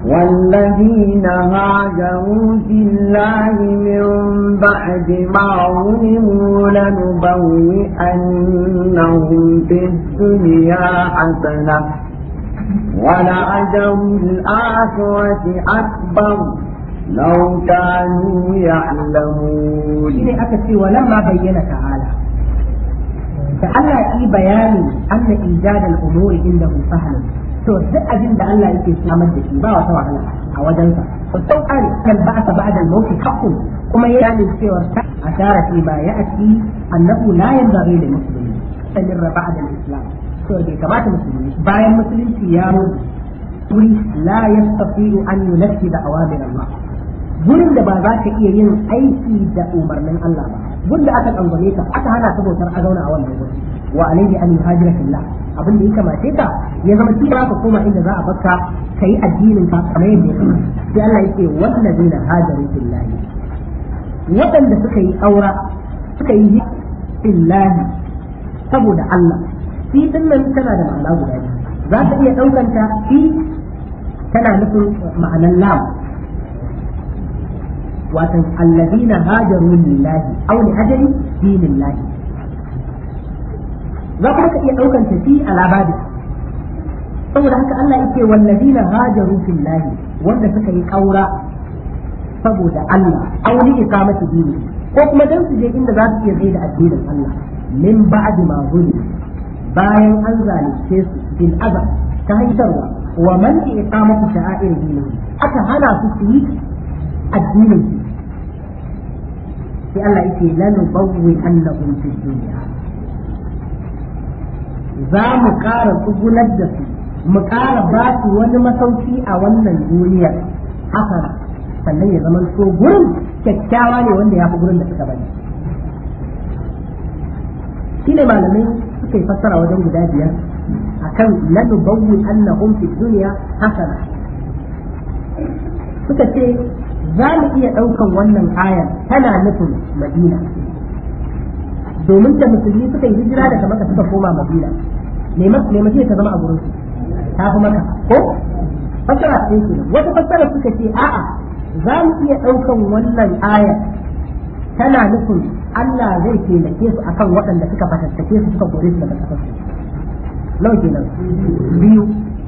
والذين هاجروا في الله من بعد ما ظلموا لنبوئنهم في الدنيا حسنه ولأجر الآخرة أكبر لو كانوا يعلمون إذا أكسي ولما بين تعالى فألا في بيان أن إيجاد الأمور عنده سهل to duk abin da Allah yake samar da shi ba wata wahala a wajensa sau an kan ba ta ba da mawki haƙu kuma ya yi cewa a tara ba ya ake annabu la yanzu bai da musulmi sanin raba da islam cewa bai kamata musulmi bayan musulunci ya mutu wuri la yastati'u an yunaffi da awamir Allah gurin da ba za ka iya yin aiki da umarnin Allah ba gurin da aka tsangwame ka aka hana ka bautar a zauna a wannan gurin wa alaihi an yuhajira fillah abin da ya kamace ka ya zama kira ka koma inda za a bakka kai addinin ka kamar yadda ya sai Allah yake wannan zina hajaru fillah waɗanda suka yi aura suka yi fillahi saboda Allah fi din nan tana da ma'ana guda biyu za ta iya ɗaukan ta fi tana nufin ma'anan lam watan alladina hajaru lillahi aw li ajali dinillahi za ka iya ɗaukan ta fi alabadi saboda haka Allah yake walladina hajaru fillahi wanda suka yi kaura saboda Allah aw li iqamati dini ko kuma dan su je inda za su iya zai da addinin Allah min ba'di ma zulmi bayan an zalunce su bil azab ta hanyarwa wa man iqamatu sha'air dinin aka hana su su yi addinin su sai Allah yake lanu bawwi annahum fid dunya za mu ƙara tsugunar da su mu ƙara ba su wani masauki a wannan duniyar haka sannan ya zama so gurin kyakkyawa ne wanda ya fi gurin da suka bari shi ne malamai. suka yi fassara wajen guda biyar a akan lanubawwi annahum fi duniya hasana suka ce za mu iya ɗaukan wannan ayar tana nufin madina domin da musulmi suka yi hijira daga maka suka koma madina me mace ta zama a gurin su ta fi maka ko fassara ɗin su wata fassara suka ce a'a za mu iya ɗaukan wannan ayar tana nufin Allah zai taimake su akan waɗanda suka fatattake su suka kore su daga kasar su kenan biyu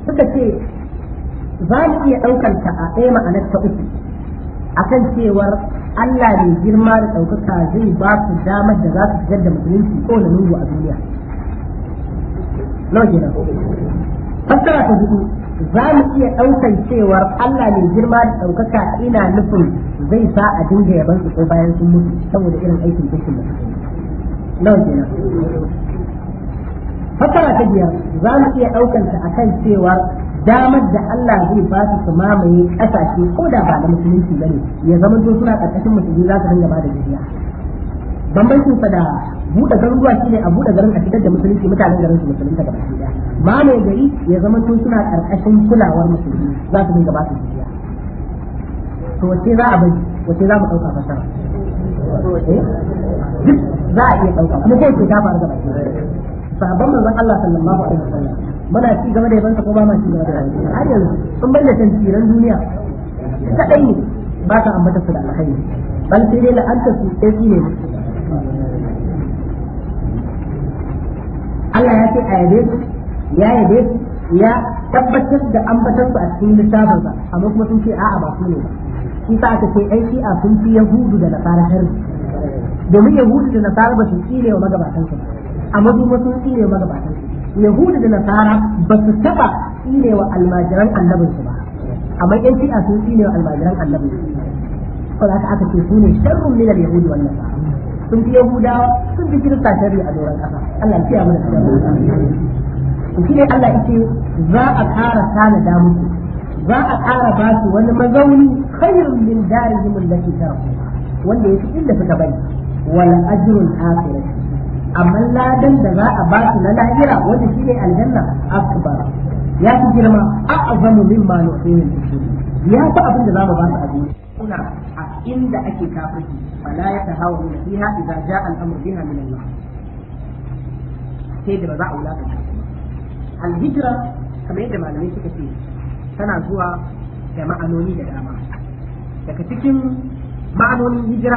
suka ce za mu iya ɗaukar ta a ɗaya ma'anar ta uku akan cewar Allah mai girma da ɗaukaka zai ba su damar da za su fitar da musulunci ko da lungu a duniya nawa kenan fassara ta hudu za mu iya ɗaukan cewar Allah mai girma da ɗaukaka ina nufin zai sa a dinga yaban su ko bayan sun mutu saboda irin aikin dukkan da suka yi nawa kenan fasara ta biyar za mu iya ɗaukan ta akan cewar damar da Allah zai ba su su mamaye ƙasashe ko da ba da musulunci bane ya zama to suna ƙarƙashin musulmi za su dinga ba da jiya bambancin sa da buɗe garuruwa shine a buɗe garin a fitar da musulunci mutanen garin su musulun ta gaba ɗaya ma mai gari ya zama to suna ƙarƙashin kulawar musulmi za su dinga ba su jiya to wace za a bari wace za mu ɗauka fasara eh? duk za a iya ɗauka kuma ko ke ta faru baki. Sabon sahabban manzon Allah sallallahu alaihi wasallam muna ci gaba da yabansa ko ba ma ci gaba da yabanta har yanzu sun bayyana tantiran duniya kadai ne ba ta ambata su da alkhairi bal sai dai la'anta su sai ne Allah ya ce a yabe su ya yabe su ya tabbatar da ambatar su a cikin littafin sa amma kuma sun ce a'a ba su ne ba shi sa aka ce ai shi'a sun fi yahudu da nasara harbi domin yahudu da nasara ba su tsire wa magabatan su amma su ma sun tsire wa magabatan su yahudu da nasara ba su taba tsire wa almajiran annabin su ba amma yan shi'a sun tsire wa almajiran annabin su ko da aka ce su ne sharrun min al-yahudi wannan ba sun fi yahudawa sun fi kirista shari a doron ƙasa Allah ya kiyaye mana shi ne Allah ce za a ƙara tanada muku za a ƙara ba su wani mazauni khairun min darihim allati tarafu wanda fi inda suka bari wal ajrul akhirah amma ladan da za a ba su na lahira wanda shi ne aljanna akbar ya fi girma a'azamu mimma nu'minu ya fi abin da za mu ba su a duniya a inda ake kafirci فلا يتهاونون فيها إذا جاء الأمر بها من الله sai da ba za a ba alhijira kamar yadda malamai suka ce tana zuwa da ma'anoni da dama daga cikin ma'anonin hijira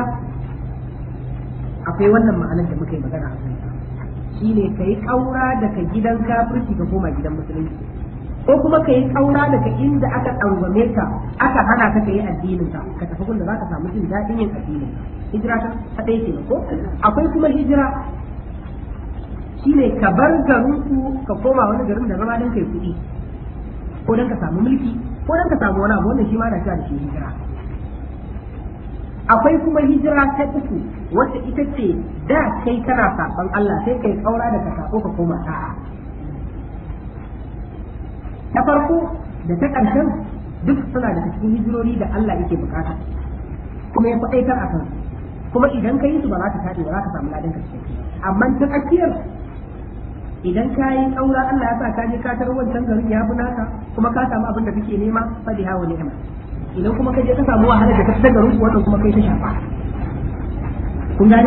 akwai wannan ma'anar da muka yi magana a kanta shine ka yi ƙaura daga gidan kafirci ka koma gidan musulunci ko kuma ka yi kaura daga inda aka tsangwame ka aka hana ka yi addinin ka ka tafi gunda ka samu jin daɗin yin addinin ka hijira ta kaɗai ke ko akwai kuma hijira shine ka bar garin ku ka koma wani garin da zama dan kai kuɗi ko dan ka samu mulki ko dan ka samu wani abu wannan shi ma da da shi hijira akwai kuma hijira ta uku wacce ita ce da kai kana saɓon Allah sai kai kaura daga sako ka koma sa'a ta farko da ta ƙarshen duk suna da cikin hijirori da Allah yake bukata kuma ya faɗaita a kansu kuma idan ka yi su ba za ka taɗe ba za ka samu ladan ka amma ta tsakiyar idan ka yi ƙaura Allah ya sa ka je ka wancan garin ya bunaka kuma ka samu abin da kake nema fa biha wa ni'ma idan kuma ka je ka samu wahala da ka tsaga ruwa wannan kuma kai ta shafa kun sau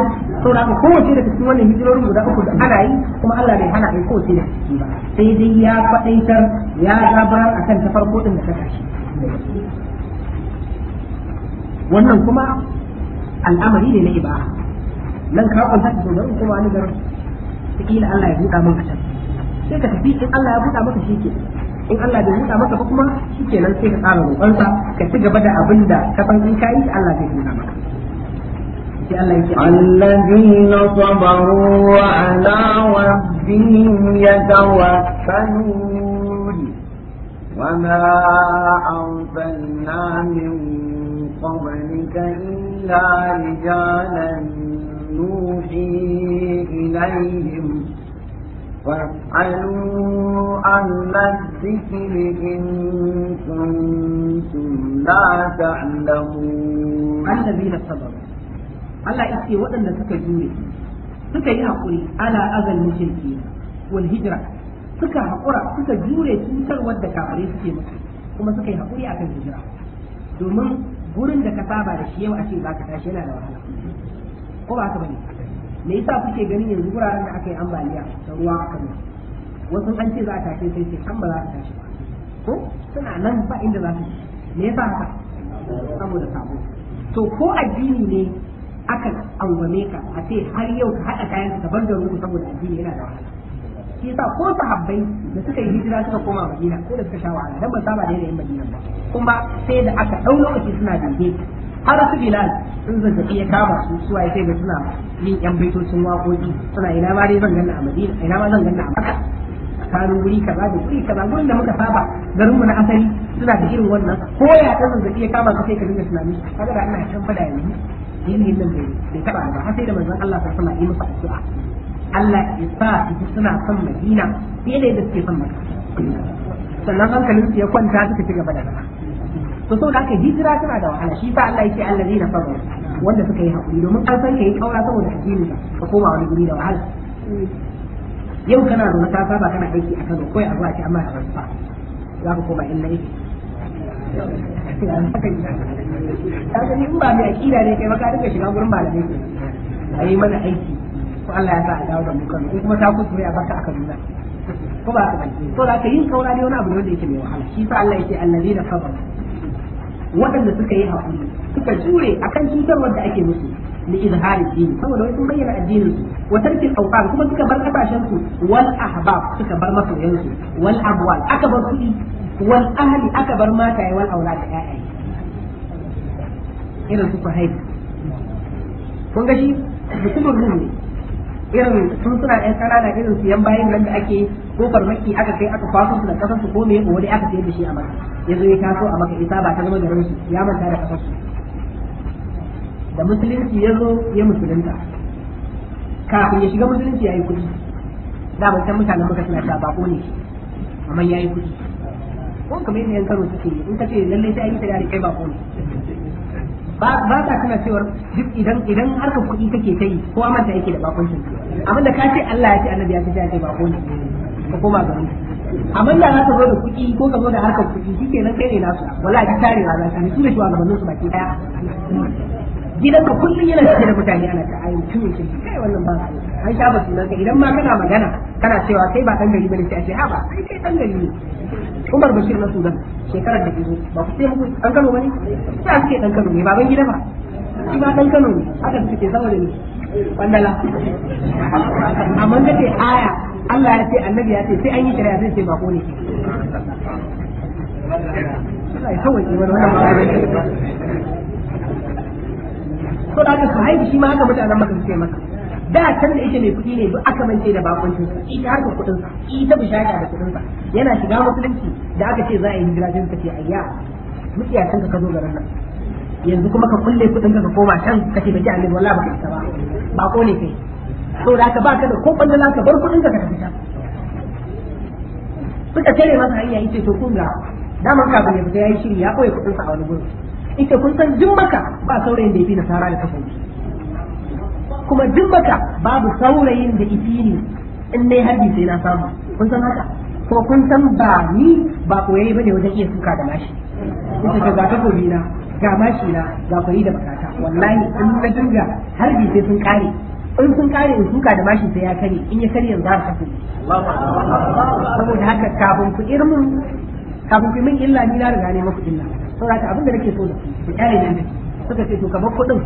da haka kowace da cikin wannan hijirorin guda uku da ana yi kuma Allah bai hana kai kowace da ciki ba sai dai ya faɗaitar ya zabar akan ta farko din da ta tashi wannan kuma al'amari ne na ibada nan ka kwanta da uku kuma wani garin kila Allah ya buɗa maka can sai ka tafi in Allah ya buɗa maka shi ke in Allah bai buɗa maka ba kuma shi kenan sai ka tsara roƙonsa ka ci gaba da abin da ka san in yi Allah zai buɗa maka الذين صبروا وعلى ربهم يتوكلون وما أرسلنا من قبلك إلا رجالا نوحي إليهم واسألوا أهل الذكر إن كنتم لا تعلمون الذين صبروا Allah ya ce waɗanda suka jure suka yi haƙuri ala azal mushriki wal hijra suka haƙura suka jure cutar da kafare suke musu kuma suka yi haƙuri akan hijira domin gurin da ka saba da shi yau a ce za ka tashi yana da wahala ko ba haka bane me yasa kuke ganin yanzu wuraren da aka yi ambaliya da ruwa a kano wasu an ce za a tashi sai sai an ba za ka tashi ba ko suna nan ba inda za su me yasa haka saboda sabo to ko addini ne Aka angwame ka a ce har yau ka haɗa kayan ka bar garin ku saboda addini yana da wahala shi yasa ko sahabbai da suka yi hijira suka koma Madina ko da suka sha wahala dan ba saba da yanayin Madina ba kuma sai da aka dau lokaci suna dinde har su Bilal sun zazzabi ya kama su suwa ya sai ga suna yin yan baitocin waƙoƙi suna ina ma dai zan ganna a Madina ina ma zan ganna a Makka tsakanin guri kaza da guri kaza gurin da muka saba garin mu na asali suna da irin wannan ko ya ta zazzabi ya kama su sai ka dinga tunani kaga da ana can fada yanzu addinin nan bai bai taba ba har sai da manzon Allah ta sama yi musu addu'a Allah ya sa su suna son Madina fiye da yadda suke son Makka sannan hankalin su ya kwanta suka ci gaba da zama to so da aka hijira tana da wahala shi fa Allah yake allazina sabu wanda suka yi hakuri domin an san kai kaura saboda addini ka koma wani guri da wahala yau kana zaune ta saba kana aiki a Kano ko a zuwa ki amma da ba za ka koma inda yake ka gani in ba mai akida ne kai ba ka dinga shiga gurin malamai ke a yi mana aiki ko Allah ya sa a dawo da mu kan in kuma ta kuskure a baka aka nuna ko ba ka ko za ka yin kaura ne wani abu ne wanda yake mai wahala shi sa Allah yake allazina sabaru waɗanda suka yi haƙuri suka jure akan cutarwar da ake musu li izhari dini saboda wai sun bayyana addinin su wa tarkil awqan kuma suka bar kasashen su wal ahbab suka bar masoyan su wal abwal aka bar kuɗi wal ahli aka bar mataye wal aulad da irin su haihu kun ga shi hukumar ruhu irin sun suna ɗan ƙanana irin su yan bayan nan da ake ko farmaki aka kai aka kwaso su da ƙasar su ko me ko wani aka sayar da shi a maka yanzu ya taso a maka isa ba ta zama garin su ya manta da ƙasar su da musulunci ya zo ya musulunta kafin ya shiga musulunci ya yi kuɗi da ban san mutanen maka suna ta bako ne amma ya yi kuɗi ko kamar yadda yan kano suke in ka ce lallai sai an yi ta da kai bako ne ba ba kana cewar duk idan idan harkar kuɗi kake yi ko manta yake da bakuncin amma da ka ce Allah ya ce annabi ya ce ya ce bakuncin ka koma garin amma da za ka zo da kuɗi ko ka zo da harkar kuɗi shikenan kai ne nasu wallahi tarewa za ka ne su da shi wa gabanin su baki daya Gidan ka kullum yana cike da mutane ana ta ayi mutum yake kai wannan ba an sha ba ka idan ma kana magana kana cewa kai ba dan gari bane sai a ce ha ba kai kai dan gari ne Umar Bashir na Sudan shekarar da ke ba ku sai muku dan Kano bane sai a ce dan Kano ne baban gida ba shi ba dan Kano ne haka suke saboda ni wandala amma da ke aya Allah ya ce annabi ya ce sai an yi shari'a zai ce ba ko ne Allah ya kawai wannan to da haka haihu shi ma haka mutanen maka suke maka da can da yake mai kuɗi ne duk aka mance da bakuncin sa ita harkar kuɗin sa ita bishaka da kuɗin sa yana shiga musulunci da aka ce za a yi hijira sai kace ayya mutiya can ka zo garin nan yanzu kuma ka kulle kuɗin ka koma can ce bai ji annabi wallahi ba ka ba ba ne kai to da ka baka da ko bandala ka bar kuɗin ka ka tafi can suka tare masa hanya yace to kun ga dama ka bane ba sai yayi shiri ya koyi kuɗin sa a wani gurin ita kun san duk maka ba saurayin da yafi nasara da kafin kuma duk maka babu saurayin da ifi ne in dai harbi sai na samu kun san haka ko kun san ba ni ba koyayi bane wajen iya suka da mashi kuka ce ga takobi na ga mashi na ga fari da bakata wallahi in na dinga harbi sai sun kare in sun kare in suka da mashi sai ya kare in ya kare yanzu har takobi saboda haka kafin ku irmin kafin ku min illa ni na riga ne maku illa saboda abin da nake so da ku kyale ne suka ce to kamar kuɗin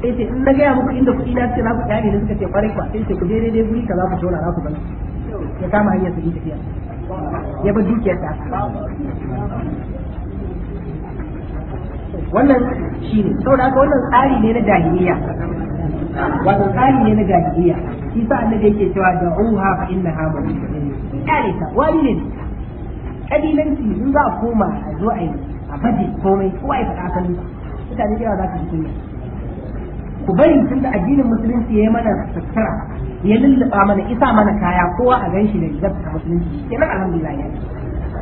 sai ce in na gaya muku inda kuɗi na ce za ku kyale ne suka ce kwarai kwa sai ce ku je daidai guri kaza ku shona za ku bani ya kama hanyar su yi tafiya ya bar dukiyar ta wannan shi ne saboda haka wannan tsari ne na jahiliya wato tsari ne na jahiliya shi sa annabi yake cewa da da'uha fa innaha mu'minun kyale ta wani ne kabilanci in za a koma a zo a yi a baje komai ko a yi faɗa asalin mutane da yawa za ka yi ku bari tun da addinin musulunci ya yi mana sassara, ya lulluɓa mana isa mana kaya kowa a gan shi da rigar ta musulunci nan alhamdulillah ya yi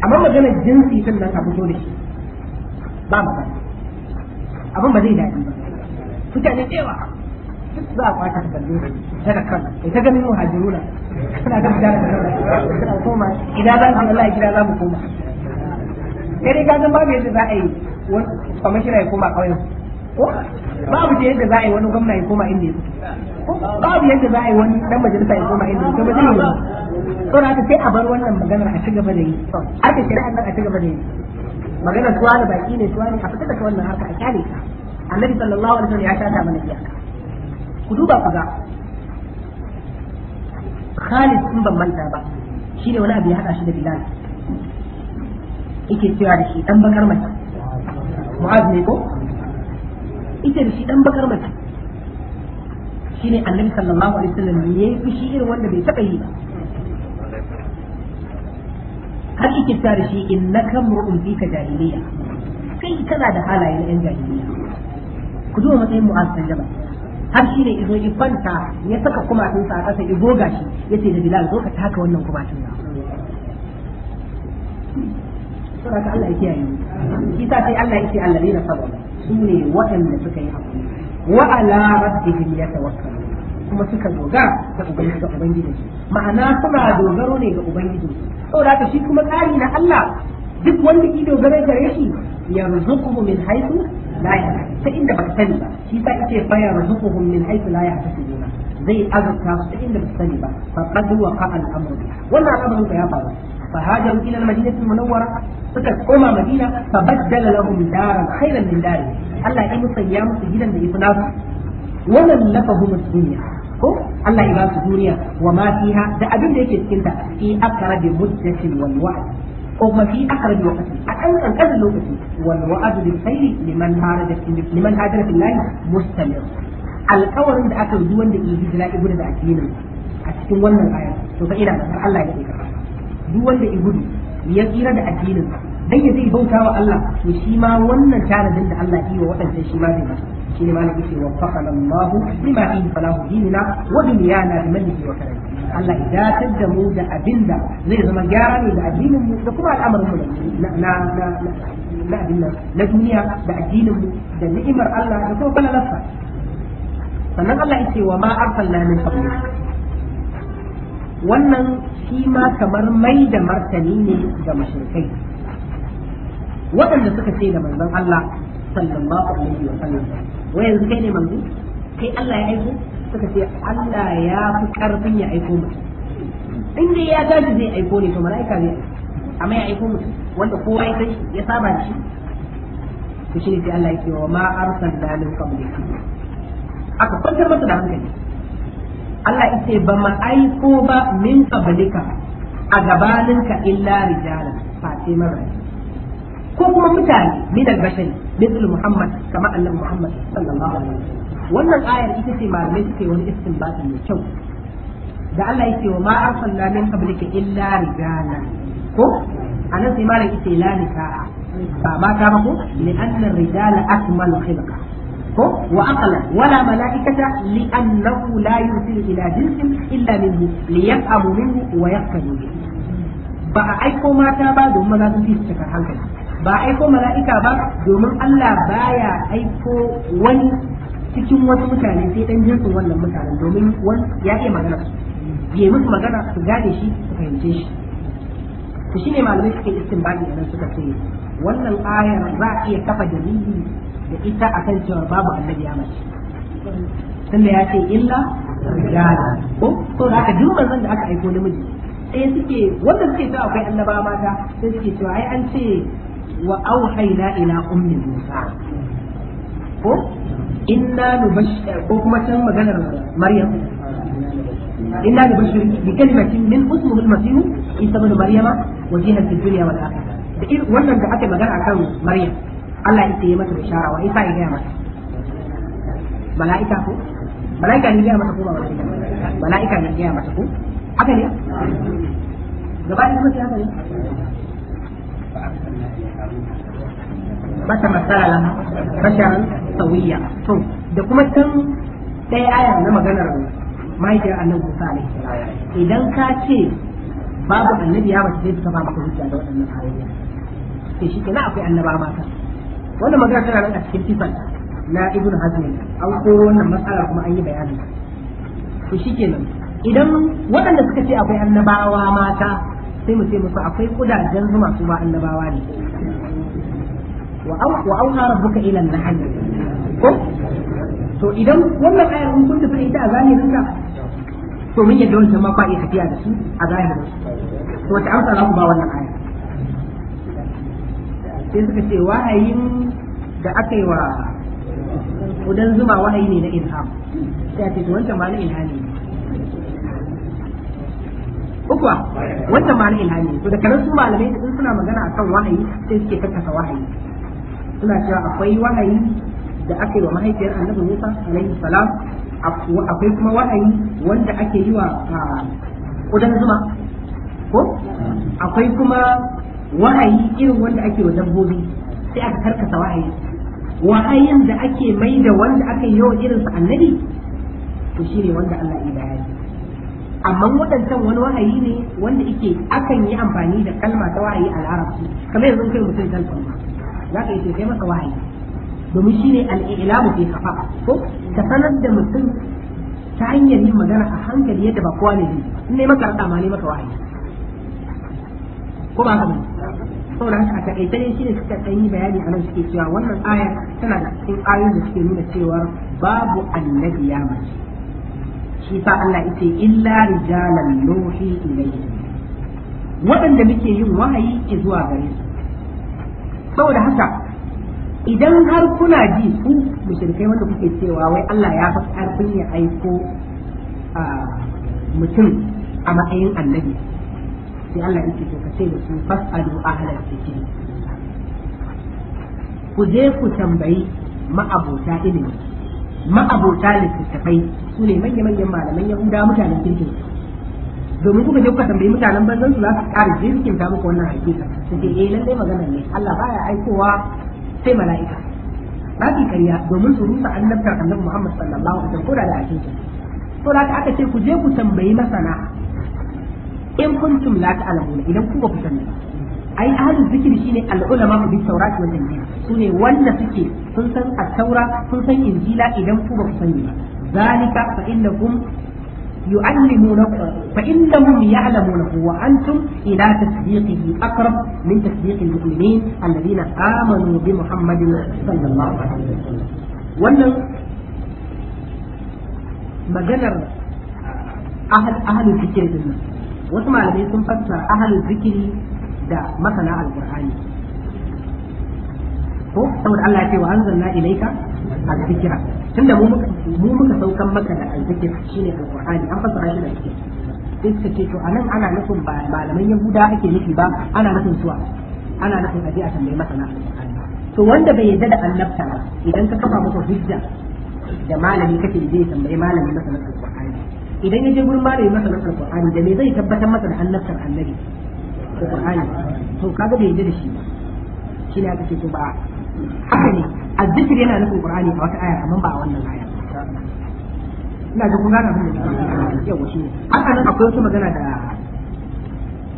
amma magana jinsi tun nan a fito da shi ba ba abin ba zai daɗi ba mutane da yawa za a kwata da kalle daga kan kai ta ganin muhajiruna suna ga da suna koma idan za su Allah kira za mu koma sai dai ka babu yadda za a yi wani kwamishina ya koma kauyen ko babu yadda za a yi wani gwamna ya koma inda yake babu yadda za a yi wani dan majalisa ya koma inda yake ba zai to na sai a bar wannan maganar a cigaba da yi har da shari'a nan a cigaba da yi maganar suwa da baki ne suwa ne a fitar da wannan harka a kyale ka annabi sallallahu alaihi wasallam ya shata mana iyaka ku duba ku ga Khalid sun ban manta ba Shi ne wani abu ya haɗa shi da Bilal yake cewa da shi ɗan bakar mace Mu'az ne ko ita da shi ɗan bakar mace shine Annabi sallallahu alaihi wasallam ya yi fushi irin wanda bai taɓa yi ba har yake cewa da shi innaka mur'un fika jahiliya kai kana da halaye na yan jahiliya ku duba matsayin Mu'az dan har shi ne izo ya kwanta ya saka kumatunsa a ƙasa ya goga shi ya ce da bilal zo ka taka wannan kumatun na saboda Allah ya kiyaye shi ta sai Allah ya ce alladina sabon su ne waɗanda suka yi hakuri wa ala rabbihim yatawakkalun kuma suka dogara da ubangiji da ubangiji ma'ana suna dogaro ne ga ubangiji saboda haka shi kuma tsari na Allah duk wanda ido dogara gare shi yarzuquhu min haythu la ta inda baka sani ba shi sa yace fa yarzuquhu min haythu la yahtasibuna zai azurta su ta inda baka sani ba fa qad waqa al-amru wannan al'amarin ka ya faru فهاجروا الى المدينه المنوره فكما مدينه فبدل لهم دارا خيرا من دارهم الله يقيموا صيام سجدا بإطلاق وملكهم الدنيا الله يبارك الدنيا da فيها ده أبن ده يكتب في muddatin wani والوعد kuma fi akar da lokaci a kan kankan lokaci wal wa'azi bil khairi neman harada liman hadara billahi mustamir alƙawarin da aka yi wanda ke hijira ibnu da addinin a cikin wannan aya to ka ina da Allah ya kai duk wanda ibnu ya tsira da addinin dan ya zai bauta wa Allah to shi ma wannan tanadin da Allah ya yi wa waɗancan shi ma zai masa shi ne maliki ce wa faqana Allah lima fihi falahu dinina wa dunyana bi mulkihi wa karamihi Allah ya datar da mu da abinda zai zama gyara ne da addinin mu da kuma al'amarin mu na na na abin na duniya da addinin mu da ni'imar Allah da kuma falalarsa sannan Allah ya ce wa ma arsalna min qabli wannan shi ma kamar mai da martani ne ga mashrikai waɗanda suka ce da manzon Allah sallallahu alaihi wa sallam wayan yanzu kai ne manzo kai Allah ya aiko suka ce Allah ya fi karfin ya aiko mu in dai ya gaji zai aiko ne to mala'ika ne amma ya aiko mu wanda kowa ya san ya saba shi to shi ne sai Allah yake wa ma arsalna min qablika aka kwantar masa da hankali Allah yake ba ma aiko ba min qablika a gabaninka illa rijalan Fatima rajul ko kuma mutane min al-bashari mithlu muhammad kama annabi muhammad sallallahu alaihi wasallam wannan ayar ita ce malamai suke wani istinbat mai kyau da Allah yake wa ma arsalna min qablika illa rijala ko anan sai malam yake la nikaha ba mata ba ko li anna rijala akmalu khilqa ko wa aqla wala malaikata li annahu la yusilu ila jinsin illa minhu li yaqabu minhu wa yaqtabu ba a aiko mata ba domin maza sun fi cikar hankali ba aiko mala'ika ba domin Allah baya aiko wani cikin wasu mutane sai dan jinsin wannan mutanen domin ya iya magana su ya musu magana su gane shi su fahimce shi to shine malamai suke istinbadi idan suka ce wannan ayar za a iya kafa dalili da ita akan cewa babu annabi ya mace tunda ya ce illa rijala ko to da aka duk zan da aka aiko namiji sai suke wanda suke cewa akwai annaba mata sai suke cewa ai an ce wa auhayna ila ummi musa ko inna nubashshir ko kuma can maganar maryam inna nubashshir bi kalimatin min ismihi al-masih isa ibn maryama wajiha fi dunya wal akhirah da irin wannan da aka magana akan maryam Allah ya yi mata bishara wa isa ya ga mata mala'ika ko mala'ika ne ya mata ko ba mala'ika ne ya mata ko aka ne gaba da kuma sai aka ne فتمثل lana بشرا sauyiya to da kuma can ɗaya aya na maganar mahaifiyar annabi Musa alaihi idan ka ce babu annabi ya bace ta ba maka hujja da waɗannan ayoyi sai shi kenan akwai annaba mata wannan magana tana nan a cikin tifan na ibnu hazmi an koro wannan matsala kuma an yi bayani to shi kenan idan waɗanda suka ce akwai annabawa mata sai mu ce musu akwai kudajen zuma su ba annabawa ne wa auha rabbuka ila an-nahl ko to idan wannan ayar mun kunta fa ita a zahirin ka to mun yadda wancan ma fa'i tafiya da su a zahirin to wata amsa za ku ba wannan ayar sai suka ce wahayin da aka yi wa kudan zuma wahayi ne na ilham sai ce to wancan ma na ilhami ne ukwa wannan ma na ilhami ne to da karan su malamai da suna magana akan wahayi sai suke kakkasa wahayi suna cewa akwai wahayi da ake wa mahaifiyar annabi Musa alaihi salam akwai kuma wahayi wanda ake yi wa kudan ah, zuma ko akwai kuma wahayi irin wanda ake wa dabbobi sai aka karkasa wahayi wahayin da ake mai da wanda aka yi wa irin irinsa annabi to shine wanda Allah ya bayani amma waɗancan wani wahayi ne wanda yake akan yi amfani da kalma ta wahayi a larabci kamar yanzu kai mutum kalma za ka yi to kai masa wahayi domin shine al-i'lamu fi kafafa ko ka sanar da mutum ta hanyar yin magana a hankali yadda ba kowa ne in ne maka rasa ma ne maka wahayi ko ba haka saboda haka a takaice ne shine suka ɗan yi bayani a nan suke cewa wannan aya tana da cikin ayoyin da suke nuna cewa babu annabi ya mace shi fa Allah yace illa rijalan nuhi ilayhi waɗanda muke yin wahayi ke zuwa gare su saboda haka idan har kuna ji ku mushrikai wanda kuke cewa wai Allah ya fa karfin ya aiko mutum a matsayin annabi sai Allah yake to ka ce da su fas'alu ahlal zikri ku je ku tambayi ma'abota ilimi ma'abota littattafai su ne manya-manyan malaman yahuda mutanen kirkin domin kuka je kuka tambayi mutanen banzan su za su ƙara jirgin ta muku wannan hakika su ce eh lallai magana ne Allah baya aikowa sai mala'ika ba ki kariya domin su rusa annabtar annabi Muhammad sallallahu alaihi wasallam ko da da hakika to da aka ce ku je ku tambayi masana in kuntum la ta'lamuna idan ku ba ku sani ai ahlul zikri shine al-ulama bi tawrat wa injil sune wanda suke sun san at-taura sun san injila idan ku ba ku sani ba zalika fa innakum يعلمونكم فإنهم يعلمونه وأنتم إلى تصديقه أقرب من تصديق المؤمنين الذين آمنوا بمحمد صلى الله عليه وسلم wannan maganar ahalin zikiri din wasu malamai sun fassara ahalin zikiri da masana alkur'ani ko saboda Allah ya ce wa anzalna ilayka al-zikra tunda mu muka mu muka saukan maka da alzikir shine alqur'ani an fassara shi da shi sai suka ce to anan ana nufin ba malaman yahuda ake nufi ba ana nufin suwa ana nufin aje a tambayi masana to wanda bai yarda da annabta ba idan ka kafa masa hujja da malami kake je ya tambayi malami masana alqur'ani idan ya je gurin malami masana alqur'ani da me zai tabbatar masa da annabtar annabi alqur'ani to kaga bai yarda da shi ba shi ne aka ce to ba haka ne azzikir yana nufin qur'ani a wata aya amma ba a wannan aya ina ga kun gane abin da yawa shi haka akwai wata magana da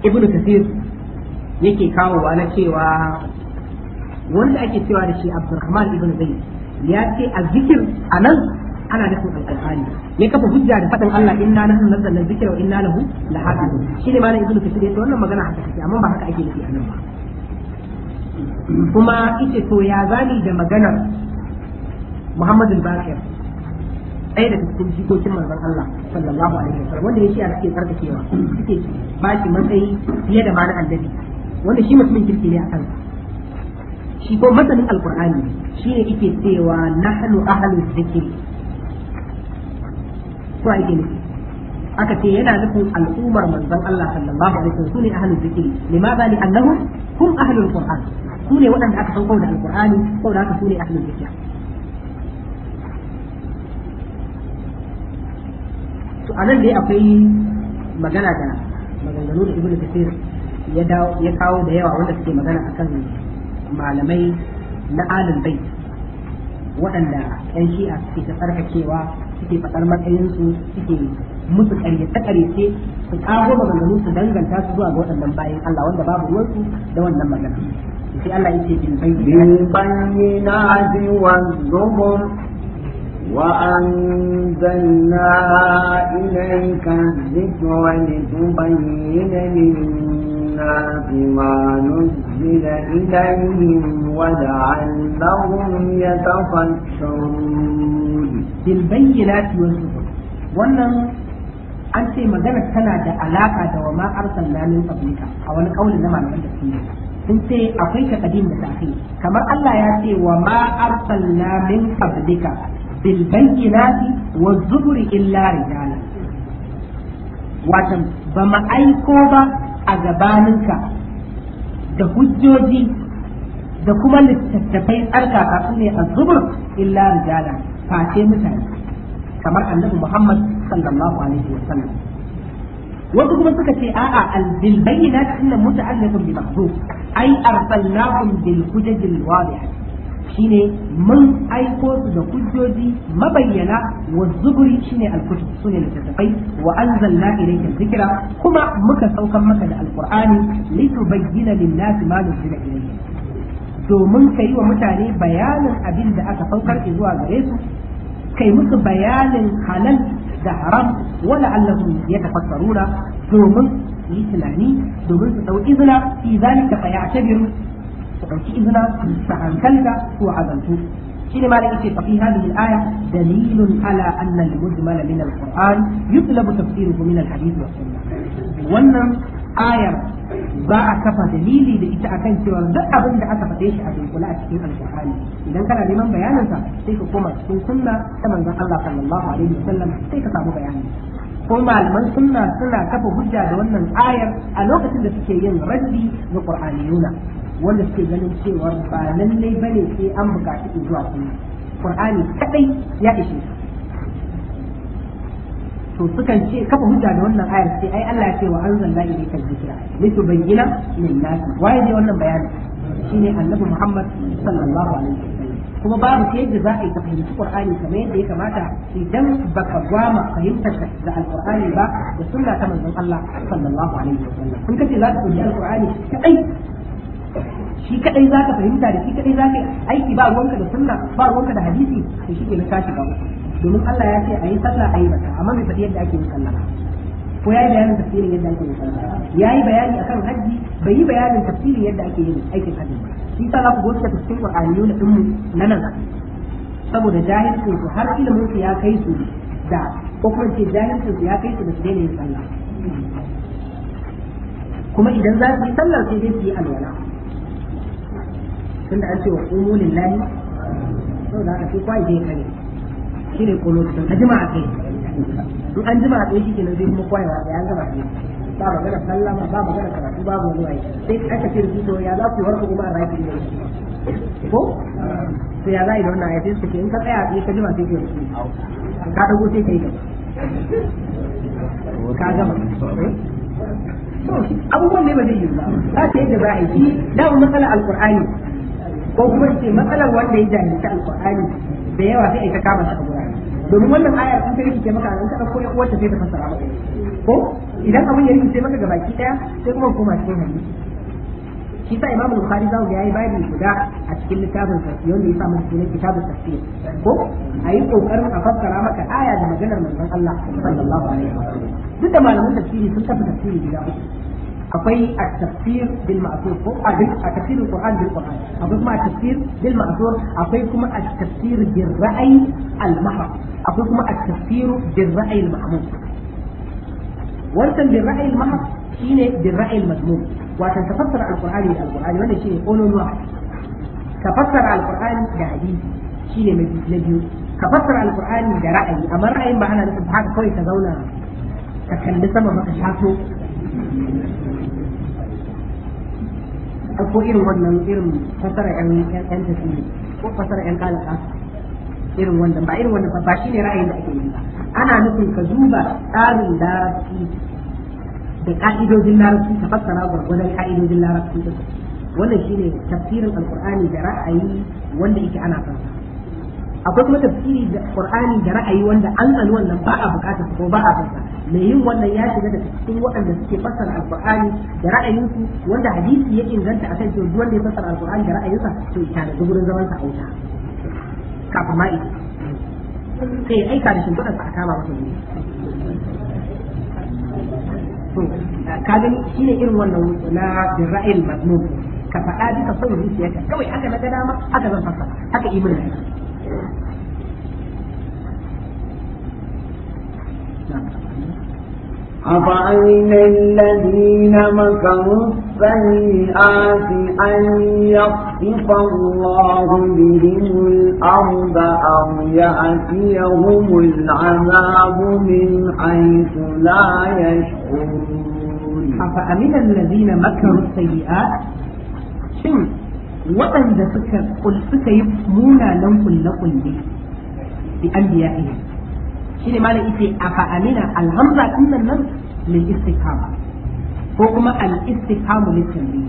ibnu kasir yake kawo wa na cewa wanda ake cewa da shi abdurrahman ibn zayd ya ce azzikir anan ana nufin alƙur'ani ya kafa hujja da faɗin Allah inna nahnu nazzalna dhikra wa inna lahu lahafizun shi ne malamin ibnu kasir ya ce wannan magana haka take amma ba haka ake nufi anan ba kuma ita to ya zani da maganar al Bakir ɗaya daga cikin jikokin manzon Allah sallallahu alaihi wasallam wanda yake a cikin karkacewa yake ba shi matsayi fiye da mana annabi wanda shi mutumin kirki ne a kansa shi ko masanin alqur'ani shi ne yake cewa nahnu ahlu dhikri ko ai ne aka ce yana nufin al'ummar manzon Allah sallallahu alaihi wasallam su ne ahlu dhikri limaza li annahum hum ahlul qur'an su ne waɗanda aka sauko da alƙur'ani ko da aka su ne ahlul bid'a to anan dai akwai magana da maganganu da ibnu kathir ya dawo ya kawo da yawa wanda suke magana akan malamai na alim bait waɗanda ƴan shi'a suke ta tsarkakewa suke faɗar matsayinsu suke musu ƙarye ta ƙaryace su ƙago maganganu su danganta su zuwa ga waɗannan bayan Allah wanda babu ruwansu da wannan magana sai Allah yake bin bayyinati wa zubur وأنزلنا إليك الذكر لتبين للناس ما نزل إليهم ولعلهم يتفكرون بالبينات والزبر wannan an ce magana tana da alaƙa da wa ma arsalna min a wani kauli na malaman sun ce akwai taqdim da ta'khir kamar Allah ya ce wa ma arsalna min qablika bil bayyinati wa zuburi illa rijalan watan ba ma aiko ba a gabaninka da hujjoji da kuma littattafai tsarka su ne a zubur illa rijalan face mutane kamar annabi Muhammad sallallahu alaihi wa sallam wasu kuma suka ce a'a bil bayyinati annam muta'alliqun bi mahdhuf ai arsalnahum bil hujaj al shine mun aiko su da hujjoji mabayyana wa zuburi shine al-kutub sune littattafai wa anzalna ilayka zikira kuma muka saukan maka da al-qur'ani litubayyana lin-nasi ma nuzila ilayhi domin kai wa mutane bayanin abin da aka saukar zuwa gare su kai musu bayanin halal da haram wala Allah su ya tafassaro da domin yi tunani domin su dau izina fi zalika fa ya'tabiru su dauki izina su hankalta ko azantu shi ne malaka ce fi hadhihi al-aya dalilun ala anna al-mujmala min al-qur'an yutlabu tafsiruhu min al-hadith wa sunnah wannan ayar ba a kafa dalili da ita akan cewa duk abin da aka faɗe shi a dunkula a cikin alƙur'ani idan kana neman bayaninsa sai ka koma cikin sunna ta manzon Allah sallallahu alaihi wasallam sai ka samu bayani ko malaman sunna suna kafa hujja da wannan ayar a lokacin da suke yin raddi ga yuna wanda suke ganin cewa ba lallai bane sai an buƙaci zuwa sunna qur'ani kadai ya ishe to sukan ce kafa hujja da wannan ayar sai ai Allah ya ce wa anzalna ilayka dhikra litubayyana lin-nas waye ne wannan bayani shine annabi Muhammad sallallahu alaihi wasallam kuma babu ta yadda za a yi fahimci Qur'ani kamar yadda ya kamata idan baka gwama fahimtar da Al-Qur'ani ba da sunna ta manzon Allah sallallahu alaihi wasallam kun kace za ka fahimci Al-Qur'ani kadai shi kadai za ka fahimta da shi kadai za ka aiki ba ruwanka da sunna ba ruwanka da hadisi to shi ke na tashi ba domin Allah ya ce a yi sallah a yi bata amma bai faɗi yadda ake yin sallah ko ya yi bayanin tafsirin yadda ake yin sallah ya yi bayani akan hajji bai yi bayanin tafsirin yadda ake yin aikin hajji ba shi sa za ku go suka tafsirin Qur'ani yau da na nan saboda jahilcin su har ilimin su ya kai su da ko kuma ce jahilcin su ya kai su da su daina yin sallah kuma idan za su yi sallar sai dai su yi alwala tunda an ce wa qumu lillahi saboda haka sai kwai dai kare shine da a jima'a kai in an jima'a kai shi kenan zai kuma kwayawa sai an gama kai ba magana sallama ba magana karatu ba mu zuwa sai aka ce su ya za ku warka kuma a rafi ne ko sai ya zai da wannan ayatin su ke in ka tsaya sai ka jima sai ka rusu ka dago sai kai ka gama eh? abubuwan ne ba zai yi ba za ta yadda za a yi da matsala alkur'ani ko kuma ce matsalar wanda ya ta alkur'ani da yawa sai ita kama shi a guda domin wannan ayar sun sai rikice maka an kada ko ya uwarta sai ta fassara maka ko idan abin ya rikice maka ga baki ɗaya sai kuma koma cikin hadisi shi sa imamu Bukhari ya yayi bayani guda a cikin littafin sa wanda ya sa masa sunan kitabun tafsir ko ayi kokarin a fassara maka aya da maganar manzon Allah sallallahu alaihi wasallam duk da malaman tafsiri sun tafi tafsiri gida uku akwai at-tafsir bil ma'thur ko a at-tafsir al-Qur'an bil Qur'an akwai kuma at-tafsir bil ma'thur akwai kuma at-tafsir bil ra'yi al-mahrab akwai kuma at-tafsir bil ra'yi al-mahmud wannan bil ra'yi al-mahrab shine bil ra'yi al-madmum wato tafassara al-Qur'ani da al-Qur'ani wanda shine qululwa tafassara al-Qur'ani da hadisi shine na biyu ka fassara al-Qur'ani da ra'ayi amma ra'ayin ba ana nufin haka kawai ka zauna ka kalli sama maka shato ko irin wannan irin fasara yan yan tafiye ko fasara yan kalaka irin wannan ba irin wannan ba shi ne ra'ayin da ake yi ba ana nufin ka duba tsarin larabci da ka'idojin larabci ta fassara gwargwadon ka'idojin larabci da wannan shi ne tafsirin alkur'ani da ra'ayi wanda yake ana fasa akwai kuma tafsiri da qur'ani da ra'ayi wanda an tsani wannan ba a bukatar ko ba a fasa mai yin wannan ya shiga da cikin waɗanda suke fassara alqur'ani da ra'ayinsu wanda hadisi ya inganta akan cewa duk wanda ya fassara alqur'ani da ra'ayinsa to ya tana gurin zaman sa auta Kafa ma ita sai aika da shimfiɗar sa a kama masa ne to ka gani shine irin wannan na bin ra'ayin mazmum ka faɗa duka son zuciyarka kawai aka na ga dama aka zan fassara haka ibnu أفأمن الذين مكروا السيئات أن يخسف الله بهم الأرض أو يأتيهم العذاب من حيث لا يشعرون أفأمن الذين مكروا السيئات شم وأن ذكر قل سكيب مونا لنقل لقل به بأنبيائهم shine malam yace amina alhamza din nan lil istiqama ko kuma al istiqamu lil domin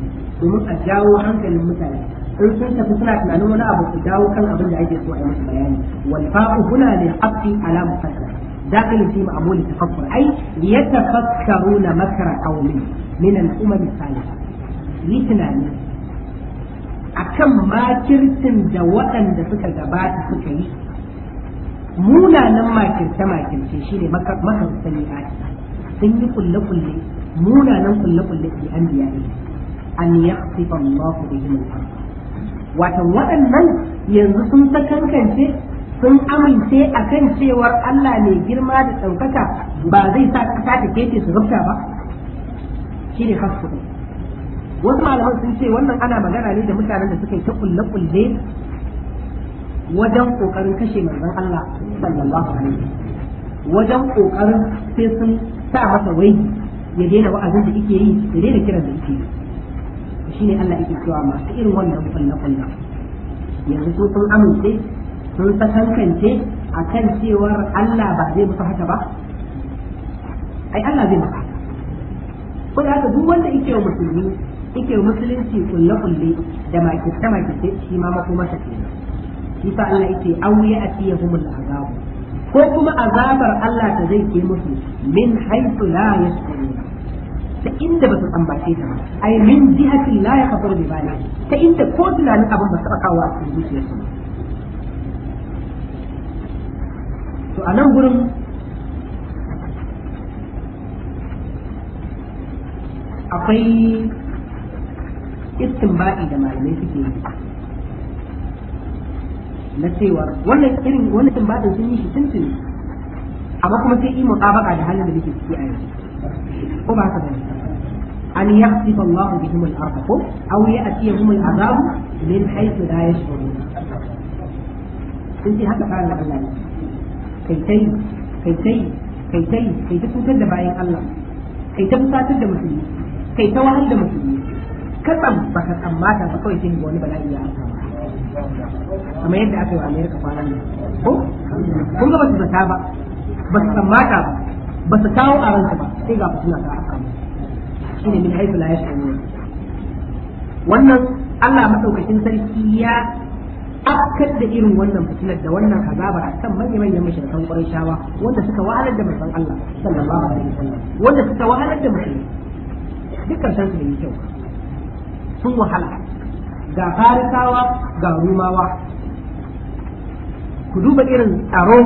a jawo hankalin mutane in sun tafi suna tunanin wani abu su kan abin da ake so a yi musu bayani wal fa'u huna li haqqi ala mufassal داخل في معمول التفكر يتفكرون مكر من ما كرتم da waɗanda suka gabata suka yi munanan makirce makirce shi ne makarsa ne a sun yi kulle kulle munanan kulle kulle fi an biya ne an ya sifa Allah da yi mutum wata waɗannan yanzu sun sakankance sun amince a kan cewar Allah ne girma da ɗaukaka ba zai sa ƙasa ta kece su rubta ba shi ne hasu wasu malaman sun ce wannan ana magana ne da mutanen da suka yi ta kulle kulle wajen kokarin kashe manzon Allah sallallahu alaihi wajen kokarin sai sun sa masa wai ya daina wa'azin da yake yi ya daina kiran da yake yi shine Allah yake cewa masu irin wannan kullu kullu yanzu su sun amince sun sakankance akan cewar Allah ba zai musu haka ba ai Allah zai musu haka ko da haka duk wanda yake wa musulmi yake wa musulunci kulle kulle da makirce makirce shi ma ta kenan shi sa Allah yake auya atiyahumul azab ko kuma azabar Allah ta zai ke musu min haitu la yashkurun ta inda ba su ambace ta ba ai min jihati la kafar bi bala ta inda ko tunanin abin ba su kawo a cikin zuciyarsu to a nan gurin akwai istinbadi da malamai suke yi na cewar wannan irin wannan tambayan sun yi shi tuntun amma kuma sai yi tabaka da halin da muke ciki a yanzu ko ba haka bane an yaqtifa Allah bihim al-ardh ko aw ya'tiyahum al-azab min haythu la yash'urun sun ce haka fara Allah kai kai kai kai kai kai kai ta kutar da bayan Allah kai ta fusatar da musulmi kai ta wahal da musulmi kasan ka tsammata ba kawai sai wani bala'i ya aka kamar yadda aka yi wa Amerika kwanan nan ko kun ga ba su zata ba ba su tsammata ba ba su kawo a ransu ba sai ga fitina ta aka Shi ne min haifu la ya yashurun wannan Allah madaukakin sarki ya afkar da irin wannan fitinar da wannan azabar a kan manya manyan mashirkan shawa wanda suka wahalar da musan Allah sallallahu alaihi wasallam wanda suka wahalar da musulmi dukkan san su da kyau sun wahala ga farisawa ga rumawa ku duba irin tsaro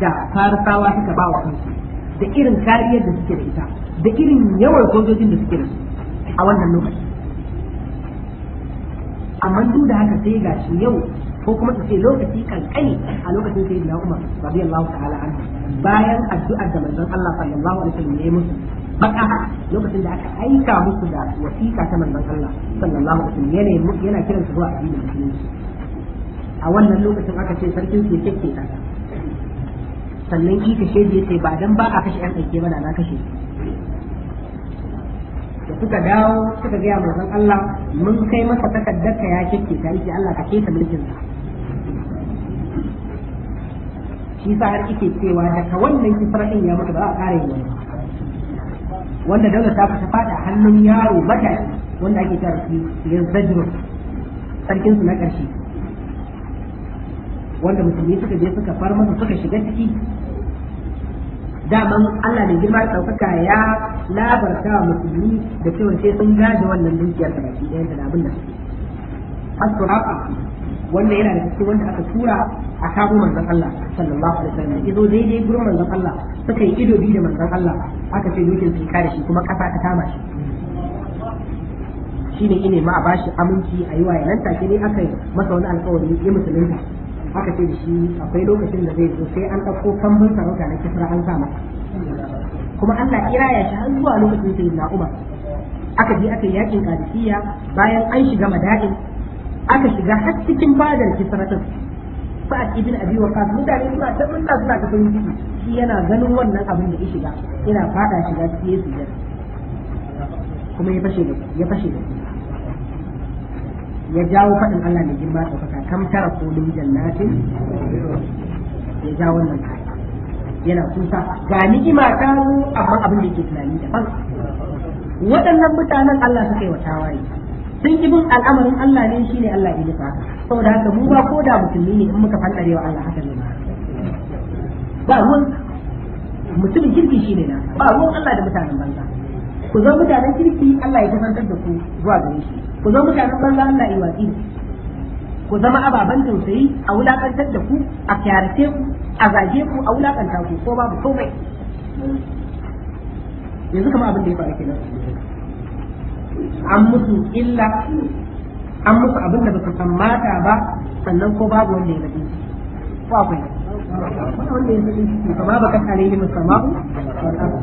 da farisawa suka ba wa kansu da irin kariyar da suke da ita da irin yawan sojojin da suke da su a wannan lokaci amma duk da haka sai ga shi yau ko kuma ta ce lokaci kankani a lokacin sai da Umar radiyallahu ta'ala anhu bayan addu'ar da manzon Allah sallallahu alaihi wasallam ya musu baka lokacin da aka aika musu da wasiƙa ta manzon Allah sallallahu alaihi wasallam yana yana kiran su zuwa addinin musulunci a wannan lokacin aka ce sarkin su yake ta sannan ki kashe da yace ba dan ba a kashe yan aike mana na kashe da suka dawo suka gaya manzon Allah mun kai masa takaddar ka ya kike ta yake Allah ka ta mulkin sa shi sa har kike cewa daga wannan kisra'in ya mutu ba a kare ne wanda dole ta fata fada hannun yaro bata wanda ake cewa yanzu sarkin su na karshe wanda musulmi suka je suka far masa suka shiga ciki daman Allah da girma ɗaukaka ya labarta wa musulmi da cewa sai sun gaje wannan dukiyar da baki ɗayan da abin da suke asura wannan yana da cikin wanda aka tura a kamo manzon Allah sallallahu alaihi wasallam ido daidai gurin manzon Allah suka yi ido biyu da manzon Allah aka ce dukiyar su kare shi kuma kasa ta kama shi shine ine ma a bashi aminci a yi wa yanan take ne aka yi masa wani alƙawari ya musulunta aka ce da shi akwai lokacin da zai zo sai an ɗauko kambun sarauta na kisra an sa kuma Allah kira ya shi har zuwa lokacin sai na Umar aka je aka yakin Qadisiyya bayan an shiga Madain aka shiga har cikin fadar kisra din a ibn Abi kasu mutane suna ta mutsa suna ta farin shi yana ganin wannan abin da ya shiga ina fada shiga cikin yesu kuma ya fashe da ya fashe da ya jawo faɗin Allah mai girma ɗaukaka kam tara kolin jannatin ya jawo wannan kaya yana kusa ga ni'ima ta zo amma abin da yake tunani da daban waɗannan mutanen Allah suka yi wa tawaye sun ki bin al'amarin Allah ne shine Allah ya nufa saboda haka mu ba ko da mutumi ne in muka fantare wa Allah haka ne ba ruwan mutumin kirki shine na ba ruwan Allah da mutanen banza ku zo mutanen kirki Allah ya kasantar da ku zuwa gare shi ku zama mutanen banza Allah ya watsi ku zama ababen tausayi a wulakantar da ku a kyarace ku a zage ku a wulakanta ku ko babu komai yanzu kamar abin da ya faru kenan an musu illa an musu abin da baka san mata ba sannan ko babu wanda ya rabe ko akwai wanda ya rabe shi kama baka tare yi musamman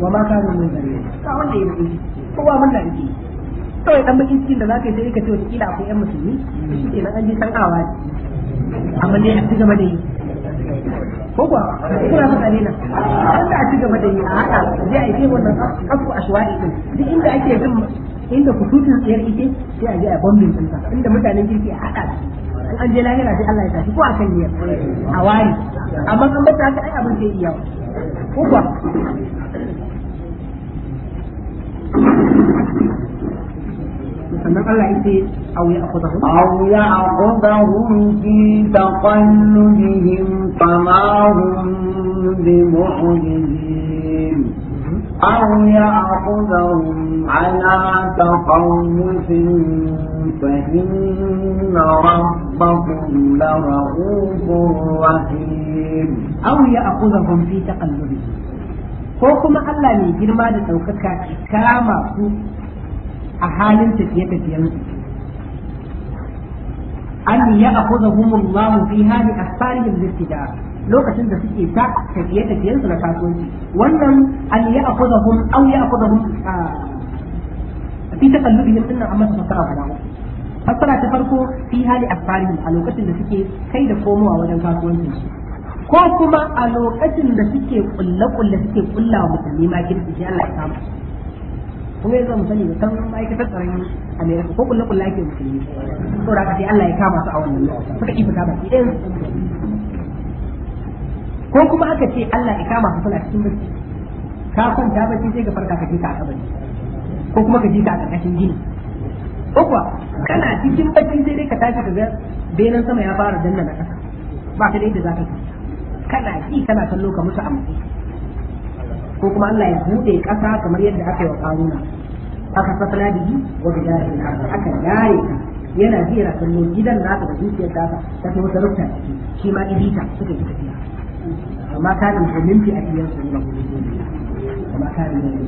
wa ma kanu mun gare ka wanda ya rabe shi kowa mun da yake kawai dan bakin cikin da za ka yi sai ka ce wata akwai yan musulmi shi ke nan an ji ne amma dai a ci gaba da yi ko kuwa kuna faɗa ne na an da a ci gaba da yi a haka zai a yi wannan kafu a shuwa'i din duk inda ake jin inda kusutun tsayar ike sai a je a bombin ɗinsa inda mutanen kirki a haɗa an je lahira sai Allah ya tafi ko a kan yi a wari amma an bata haka ai abin sai iya ko kuwa sannan Allah yake aw ya akhudahum aw ya akhudahum fi taqallubihim fama hum bi mu'jizin aw ya akhudahum ala taqawwufin fa inna rabbakum la rahufur rahim aw ya akhudahum fi taqallubihim ko kuma Allah mai girma da ɗaukaka kama a halin tafiye-tafiyen su an ya akuza humullahu fi hali asfarihim littida lokacin da suke ta tafiye-tafiyen su na kasuwanci wannan an ya akuza hum au ya akuza hum fi takallubihim dinnan amma su fasara guda uku fassara ta farko fi hali asfarihim a lokacin da suke kai da komowa wajen kasuwancin su ko kuma a lokacin da suke kulle-kulle suke kulla wa musulmi ma kirki shi Allah ya samu kuma yanzu mu sani san ma'aikatar tsaron Amerika ko kullu kullu ake musulmi to da sai Allah ya kama su a wannan lokaci suka ifa kama shi ɗayan ko kuma aka ce Allah ya kama su suna cikin barci ka kwanta barci sai ka farka ka je ka asabari ko kuma ka je ka a ƙarƙashin gini ko kuwa kana cikin barci sai dai ka tashi ka ga benan sama ya fara danna na ƙasa ba ka da yadda za ka kana ji kana kallo ka mutu a ko kuma Allah ya buɗe ƙasa kamar yadda aka yi wa ƙaruna aka safala bihi wa bidarihi aka yare ka yana jira kallo gidan nasa da dukiyar ta ta ta wata rukta shi ma ibita suka yi tafiya amma kana musulmin fi ajiyar su ne amma kana ne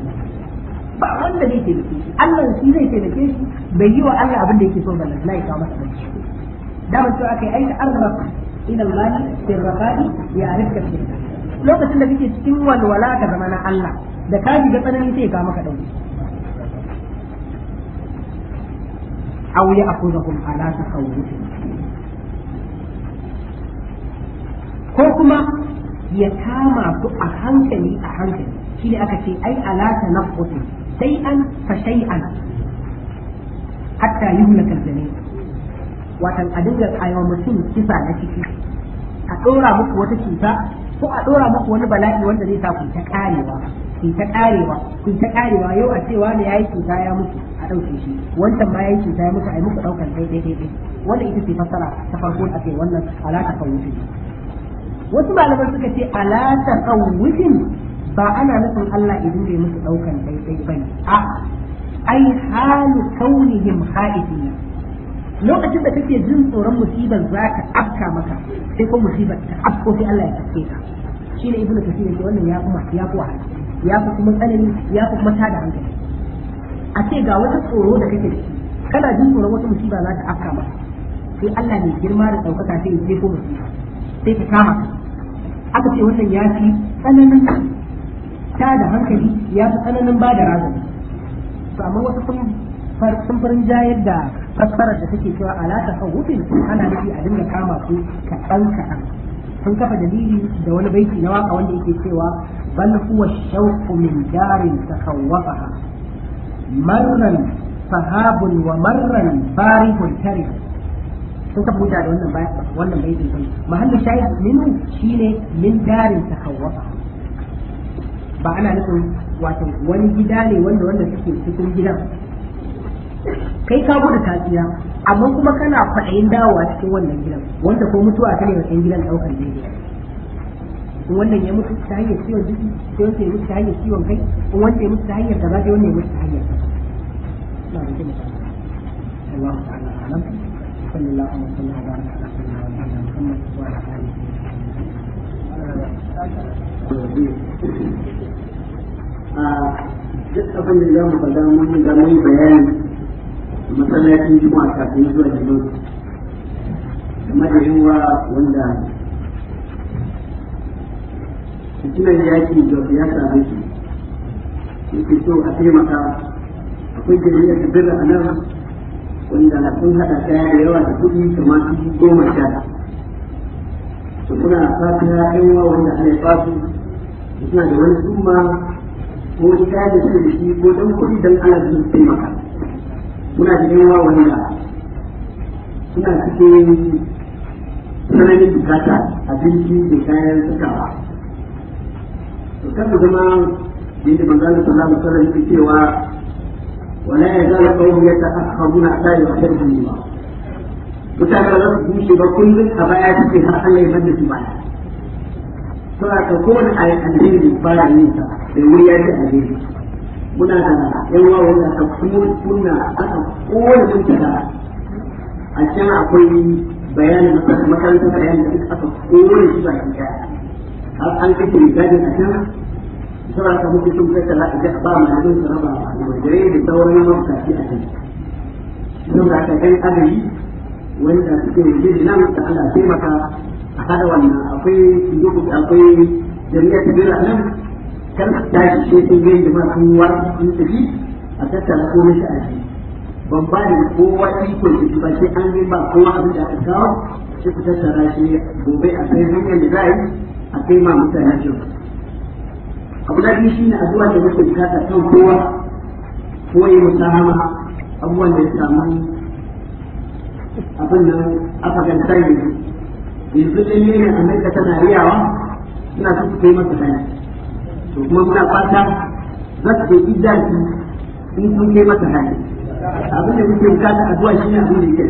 ba wanda zai taimake shi Allah shi zai taimake shi bai yi wa Allah abin da yake so ba na ya kawo masa bacci da ba aka yi aika arzaba ila Allah sirrafani ya arifka sirrafani lokacin da kake cikin walwala ka zama na Allah da ka shiga tsanani sai ka maka dauki aw ya akuzakum ala tasawwuf ko kuma ya kama ku a hankali a hankali shi ne aka ce ai ala tanaffus sai an fa shay'an hatta yuhlaka al-jami watan a dinga kayo mutum kisa na ciki a ɗora muku wata cuta ko a dora muku wani bala'i wanda zai sa ku ta karewa ku ta karewa ku ta karewa yau a cewa ne yayi cuta ya mutu a dauke shi wancan ma yayi cuta ya mutu ai yi muku daukar dai dai dai wannan ita ce fassara ta farko a ce wannan alaka kawuti wasu malaman suka ce alaka kawutin ba ana nufin Allah idan bai musu daukan dai dai bane a ai halu kaunihim haidina lokacin da kake jin tsoron musibar za ka afka maka sai ko musibar ta afko sai Allah ya tafke ka shi ne ibnu kasir yake wannan ya kuma ya kuwa ya fi kuma tsanani ya fi kuma tada hankali a ce ga wata tsoro da kake ciki kana jin tsoron wata musiba za ta afka maka sai Allah ne girma da ɗaukaka sai ya ko musiba sai ka kama aka ce wannan ya fi tsananin tada hankali ya fi tsananin ba da razani amma wasu sun sun farin jayar da fassarar da take cewa ala ta tasawufin ana nufi a dinga kama su ka ɗauka sun kafa dalili da wani baiti na waka wanda yake cewa bal huwa shawqu min darin takawwafaha marran sahabun wa marran barihun tarih sun kafa wuta da wannan wannan baitin ne mahallu shayar min shine min darin takawwafaha ba ana nufin wato wani gida ne wanda wanda suke cikin gidan kai ka gudu tafiya amma kuma kana kwaɗayin dawowa cikin wannan gidan wanda ko mutuwa ta ne wa ɗan gidan ɗaukar ne wannan ya mutu ta hanyar ciwon jiki ko wanda ya mutu ta hanyar ciwon kai ko wanda ya mutu ta hanyar gaba ta wanda ya mutu ta hanyar الله تعالى أعلم صلى الله masallacin juma'a kafin zuwa gidan amma da yawa wanda fitinan yaki da ya same shi yake so a taimaka akwai jami'a ta birra a nan wanda sun haɗa kaya da yawa da kuɗi kamar su goma sha to kuna fata yawa wanda ana fasu suna da wani summa ko ta da shi ko don kuɗi don ana zuwa taimaka muna da yawa wani na suna cikin tsananin bukata abinci da kayan sakawa to kan zama yin da bangalin alaihi wasallam yake cewa ya yadda wala yazalu qawmun yata'akhkhaduna hatta yuhibbu Allah mutane za su bushe ba kullum a baya suke har an yi bada su baya saboda kowane ayyukan da ba ya nisa da wuri ya ce alheri muna da yan wawa wanda aka kunna aka kowane da a can akwai bayanin makaranta bayanin da aka kowane shi ba shi kaya har an kake gajin a can sura ta muke sun kai tara idan ba ma yin ba a gare da sauran yi mafi mafkaci a can sun da aka kai adali wanda suke yi da nan da Allah taimaka a hada wannan akwai akwai jami'a ta bira nan kan a shi sai sun yi jima sun war sun tafi a tattara komai shi ake. shi ban ba ne kowa ikon shi ba sai an yi ba kowa abin da aka kawo sai ku tattara shi gobe a kai hanyar da za a yi a kai ma mutane shi abu na biyu ne addu'a da muke bukata kan kowa ko yi musahama abubuwan da ya samu abin nan aka ganta yanzu yanzu ɗin ne a mai tana riyawa suna su kai masa hanyar to kuma muna fata za su ɗauki daji in kun kai masa hali abin da kuke bukata addu'a shi ne abin da yake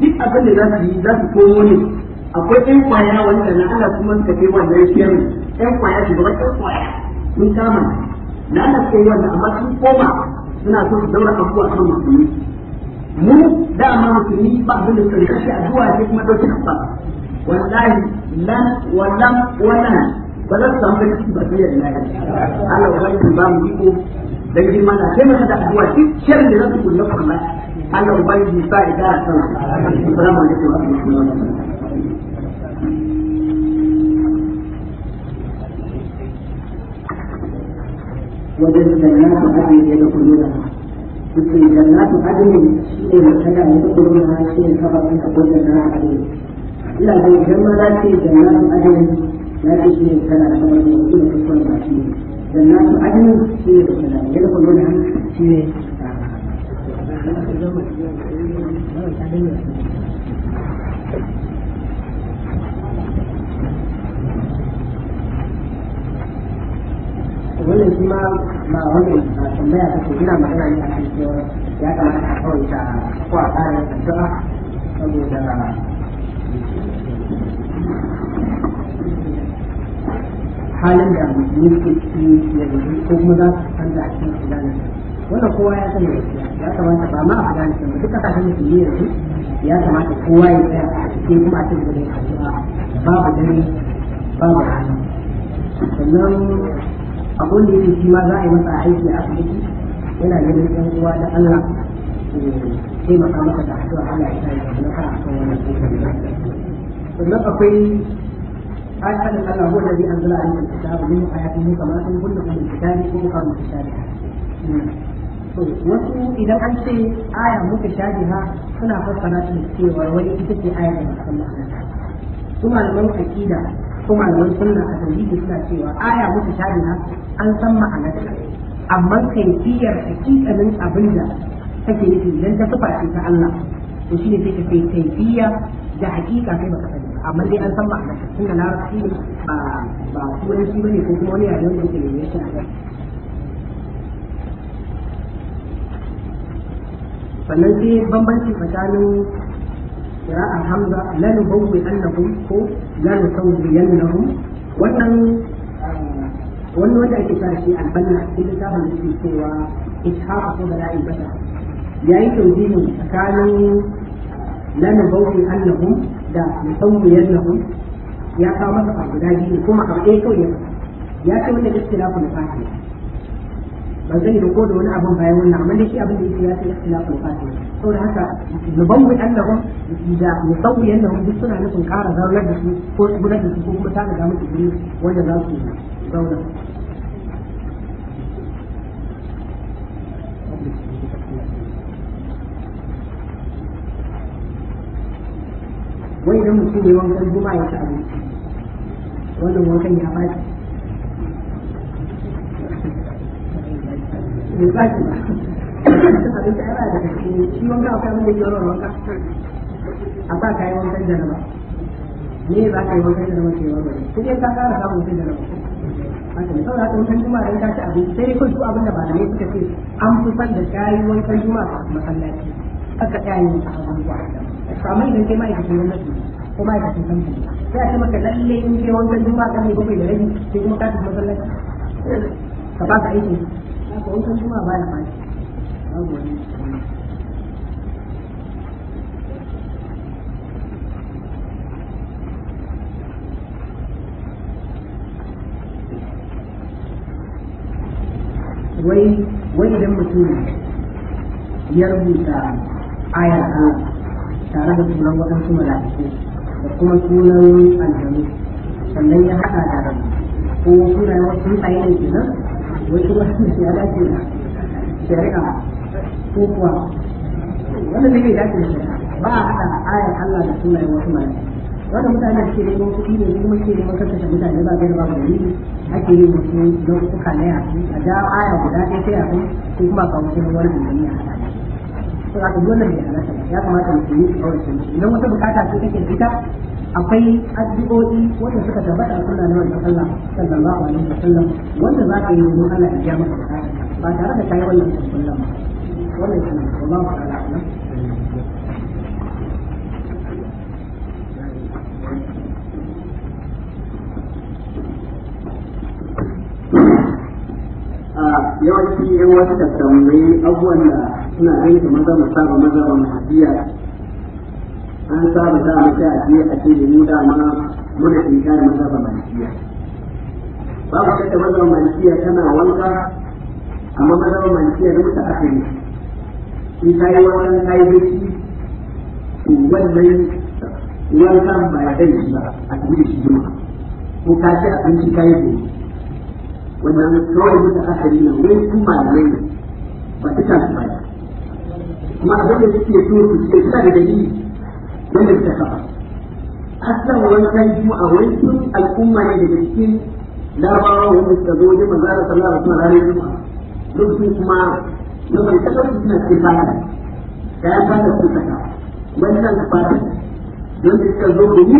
duk abin da za su yi za su komo ne akwai ɗan kwaya wanda na Allah kuma suka kai wannan shirin ɗan kwaya shugaban ɗan kwaya sun kama na Allah suka yi amma sun koma suna so su daura abubuwa kan musulmi mu dama musulmi ba abin da suka rikashi addu'a sai kuma ɗauki nan ba wallahi lan walam wannan ba za su samu da ciki ba da na yi Allah ubangiji ba mu iko dan girma na sai masa da addu'a duk shirin da za su kulle kuma Allah ubangiji ba ya ga san assalamu alaikum wa rahmatullahi wa barakatuh wajen jannatu adin ya ga da suke jannatu adin shi ne kana ne kulluna shi ne kafa kan da na adin ina da na ce jannatu na ce shi ne kana da wani mutum da kuskure ba shi ne dan na su ajin shi ne da kana ya da kullun shi ne wannan shi ma ba wannan tambaya ta ce ina magana ne a kan cewa ya kamata a kawai ta ko a ƙara saboda halin da musulmi suke cikin ya zuci ko kuma za su san da cikin sudan wannan kowa ya sani ya kamata ba ma a afghanistan ba duk kasashen ke yanzu ya kamata kowa ya tsaya a cikin kuma a cikin da ya kasuwa babu dare babu rana sannan abun da yake shi ma za a yi masa aiki a asibiti yana ganin yan uwa da allah eh, taimaka maka da addu'a Allah ya sa ya zama a kan wannan kokari sannan akwai قال هذا الله هو الذي انزل عليك الكتاب منه ايات محكمات كل من الكتاب ومحكم متشابهات wasu idan an ce aya muka ha suna fassara ta cewa wani ita ce aya da muka ma'ana su malaman akida kuma malaman sunna a tauhidi suna cewa aya muka ha an san ma'anar ma'anarta amma kaifiyar hakikanin abin da take nufi idan ta tufa ta Allah to shine take kai kaifiya da hakika kai baka amma dai an san ba a cikin da larabci ba ba ba turanci bane ko kuma wani yare wanda yake ne shi a sannan sai bambanci tsakanin qira'ar hamza la nubawwi annahum ko la nusawwi annahum wannan eh, wani wanda ake sa shi albanna cikin littafin da ke cewa ishaqa ko da la'i bata yayin tawjihi tsakanin eh, la nubawwi annahum da musawwiyan nahum ya kawo masa abu guda biyu kuma abu ɗaya kawai ya fata ya ce wanda ikhtilafu na fati ba zai da ko da wani abun bayan wannan amma dai shi abin da yake ya ce ikhtilafu na fati saboda haka nubawwi annahum da musawwiyan nahum duk suna nufin ƙara zaunar da su ko gudanar da su ko kuma ta da musu wanda za su zauna wai idan mutum bai wankan zuma ya ci abinci wannan wankan ya baki ne ba cin abinci ai ba da shi wanka wanka a ba ka yi wankan ne ba ka yi wankan wani ka samun wankan ne saboda haka wankan ka ci abinci sai su abin da ba da ne suka ce an fi da wankan masallaci a amma idan kai ma'aikacin gwamnati ko ma'aikacin kamfani sai a ce maka lalle in kai wankan juma'a kan mai bakwai da rabi sai kuma ka tafi masallaci ka ba ka aiki ka wancan juma'a baya ba babu wani wai wai idan mutum ya rubuta aya tare da sunan waɗansu mala'iku da kuma sunan aljanu sannan ya haɗa da rabu ko sunayen wasu mutane ne ke nan wasu wasu shi ya dace da shari'a ko kuwa wanda take bai dace da shari'a ba a haɗa ayar Allah da sunayen wasu mala'iku wanda mutane da ke neman kuɗi ne kuma ke neman karkashe mutane ba gaira ba dalili ake yin wasu nau'uka na yaki a da aya guda ɗaya ta yaki ko kuma kawo wani wani dalili a haɗa to a duk wannan ya kamata mutum yi kawo idan wata bukata ce take da ita akwai addu'o'i wanda suka tabbata a Allah sallallahu alaihi wasallam wanda za ka yi don Allah ya biya maka bukata ba tare da kai wannan ba wannan shi ne ta'ala yawanci yan wasu abubuwan da suna aiki maza mu saba maza ba mu an saba da mu a cikin mu da mana muna inkar maza malikiya babu shakka maza malikiya tana wanka amma maza malikiya da muta akari in ta yi wankan ta yi biki to wannan wankan ba ya dai ba a cikin shi jima ko ka ci abinci ka yi gobe wannan kawai muta akari na wai kuma ne ba ta ba kuma abin da suke so su ce suna da dalili wanda suka kafa asan wankan juma'a wani al'umma ne daga cikin larabawa wanda suka zo wajen manzo Allah sallallahu alaihi wasallam ranar juma'a lokacin kuma lokacin kasar su suna cikin bayan kayan fata su saka wannan fata don da suka zo da ni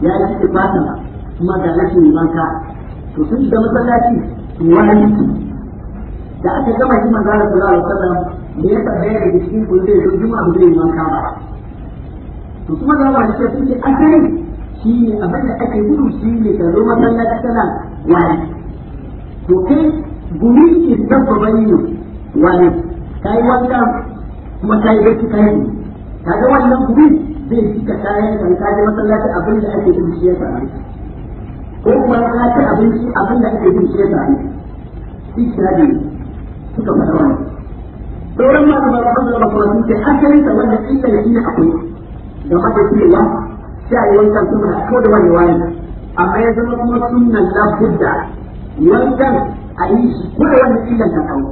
ya yi cikin fata kuma ga rashin wanka to sun shiga masallaci wani da aka gama shi manzo Allah sallallahu alaihi wasallam da ya sa daya daga cikin ku sai don juma'a ba zai yi wanka ba to kuma da wani ce suke asali shi ne abin da ake gudu shi ne ka zo masallaci kana wani to kai gumi ke dabba ne wani kai wanka kuma kai gaci kai kaga wannan gumi zai fi ka kayan kan kaje masallaci abin da ake gudu shi ya sami ko kuma ka ci abinci abin da ake gudu shi ya sami shi ne suka faɗa wannan sauran ma ba ba da ba su ce asalin sa wanda inda ne ina akwai da ba ta cewa sai wankan kuma ko da wani wani amma ya zama kuma sunnan la budda wankan a yi shi ko da wani illan ka kawo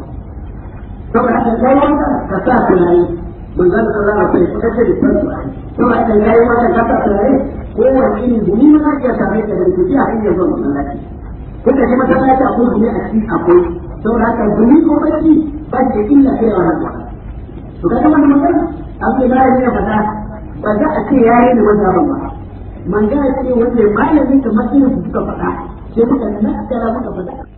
saboda haka kai wankan ka sa tunani ban zan ka zama sai ka ce da farko saboda haka kai wankan ka sa tunani ko wani ne gumi na ka iya same ka da kuɗi a hanyar zuwa masallaci kuka ji masallaci akwai gumi a cikin akwai saboda ta gumi ko bacci bace illa sai wa rabba to kaga wannan mutum abu da ya yi fada ba za a ce yayi da wannan ba, man ga ce wanda malamin kamar irin suka faɗa, sai muka nan da muka fada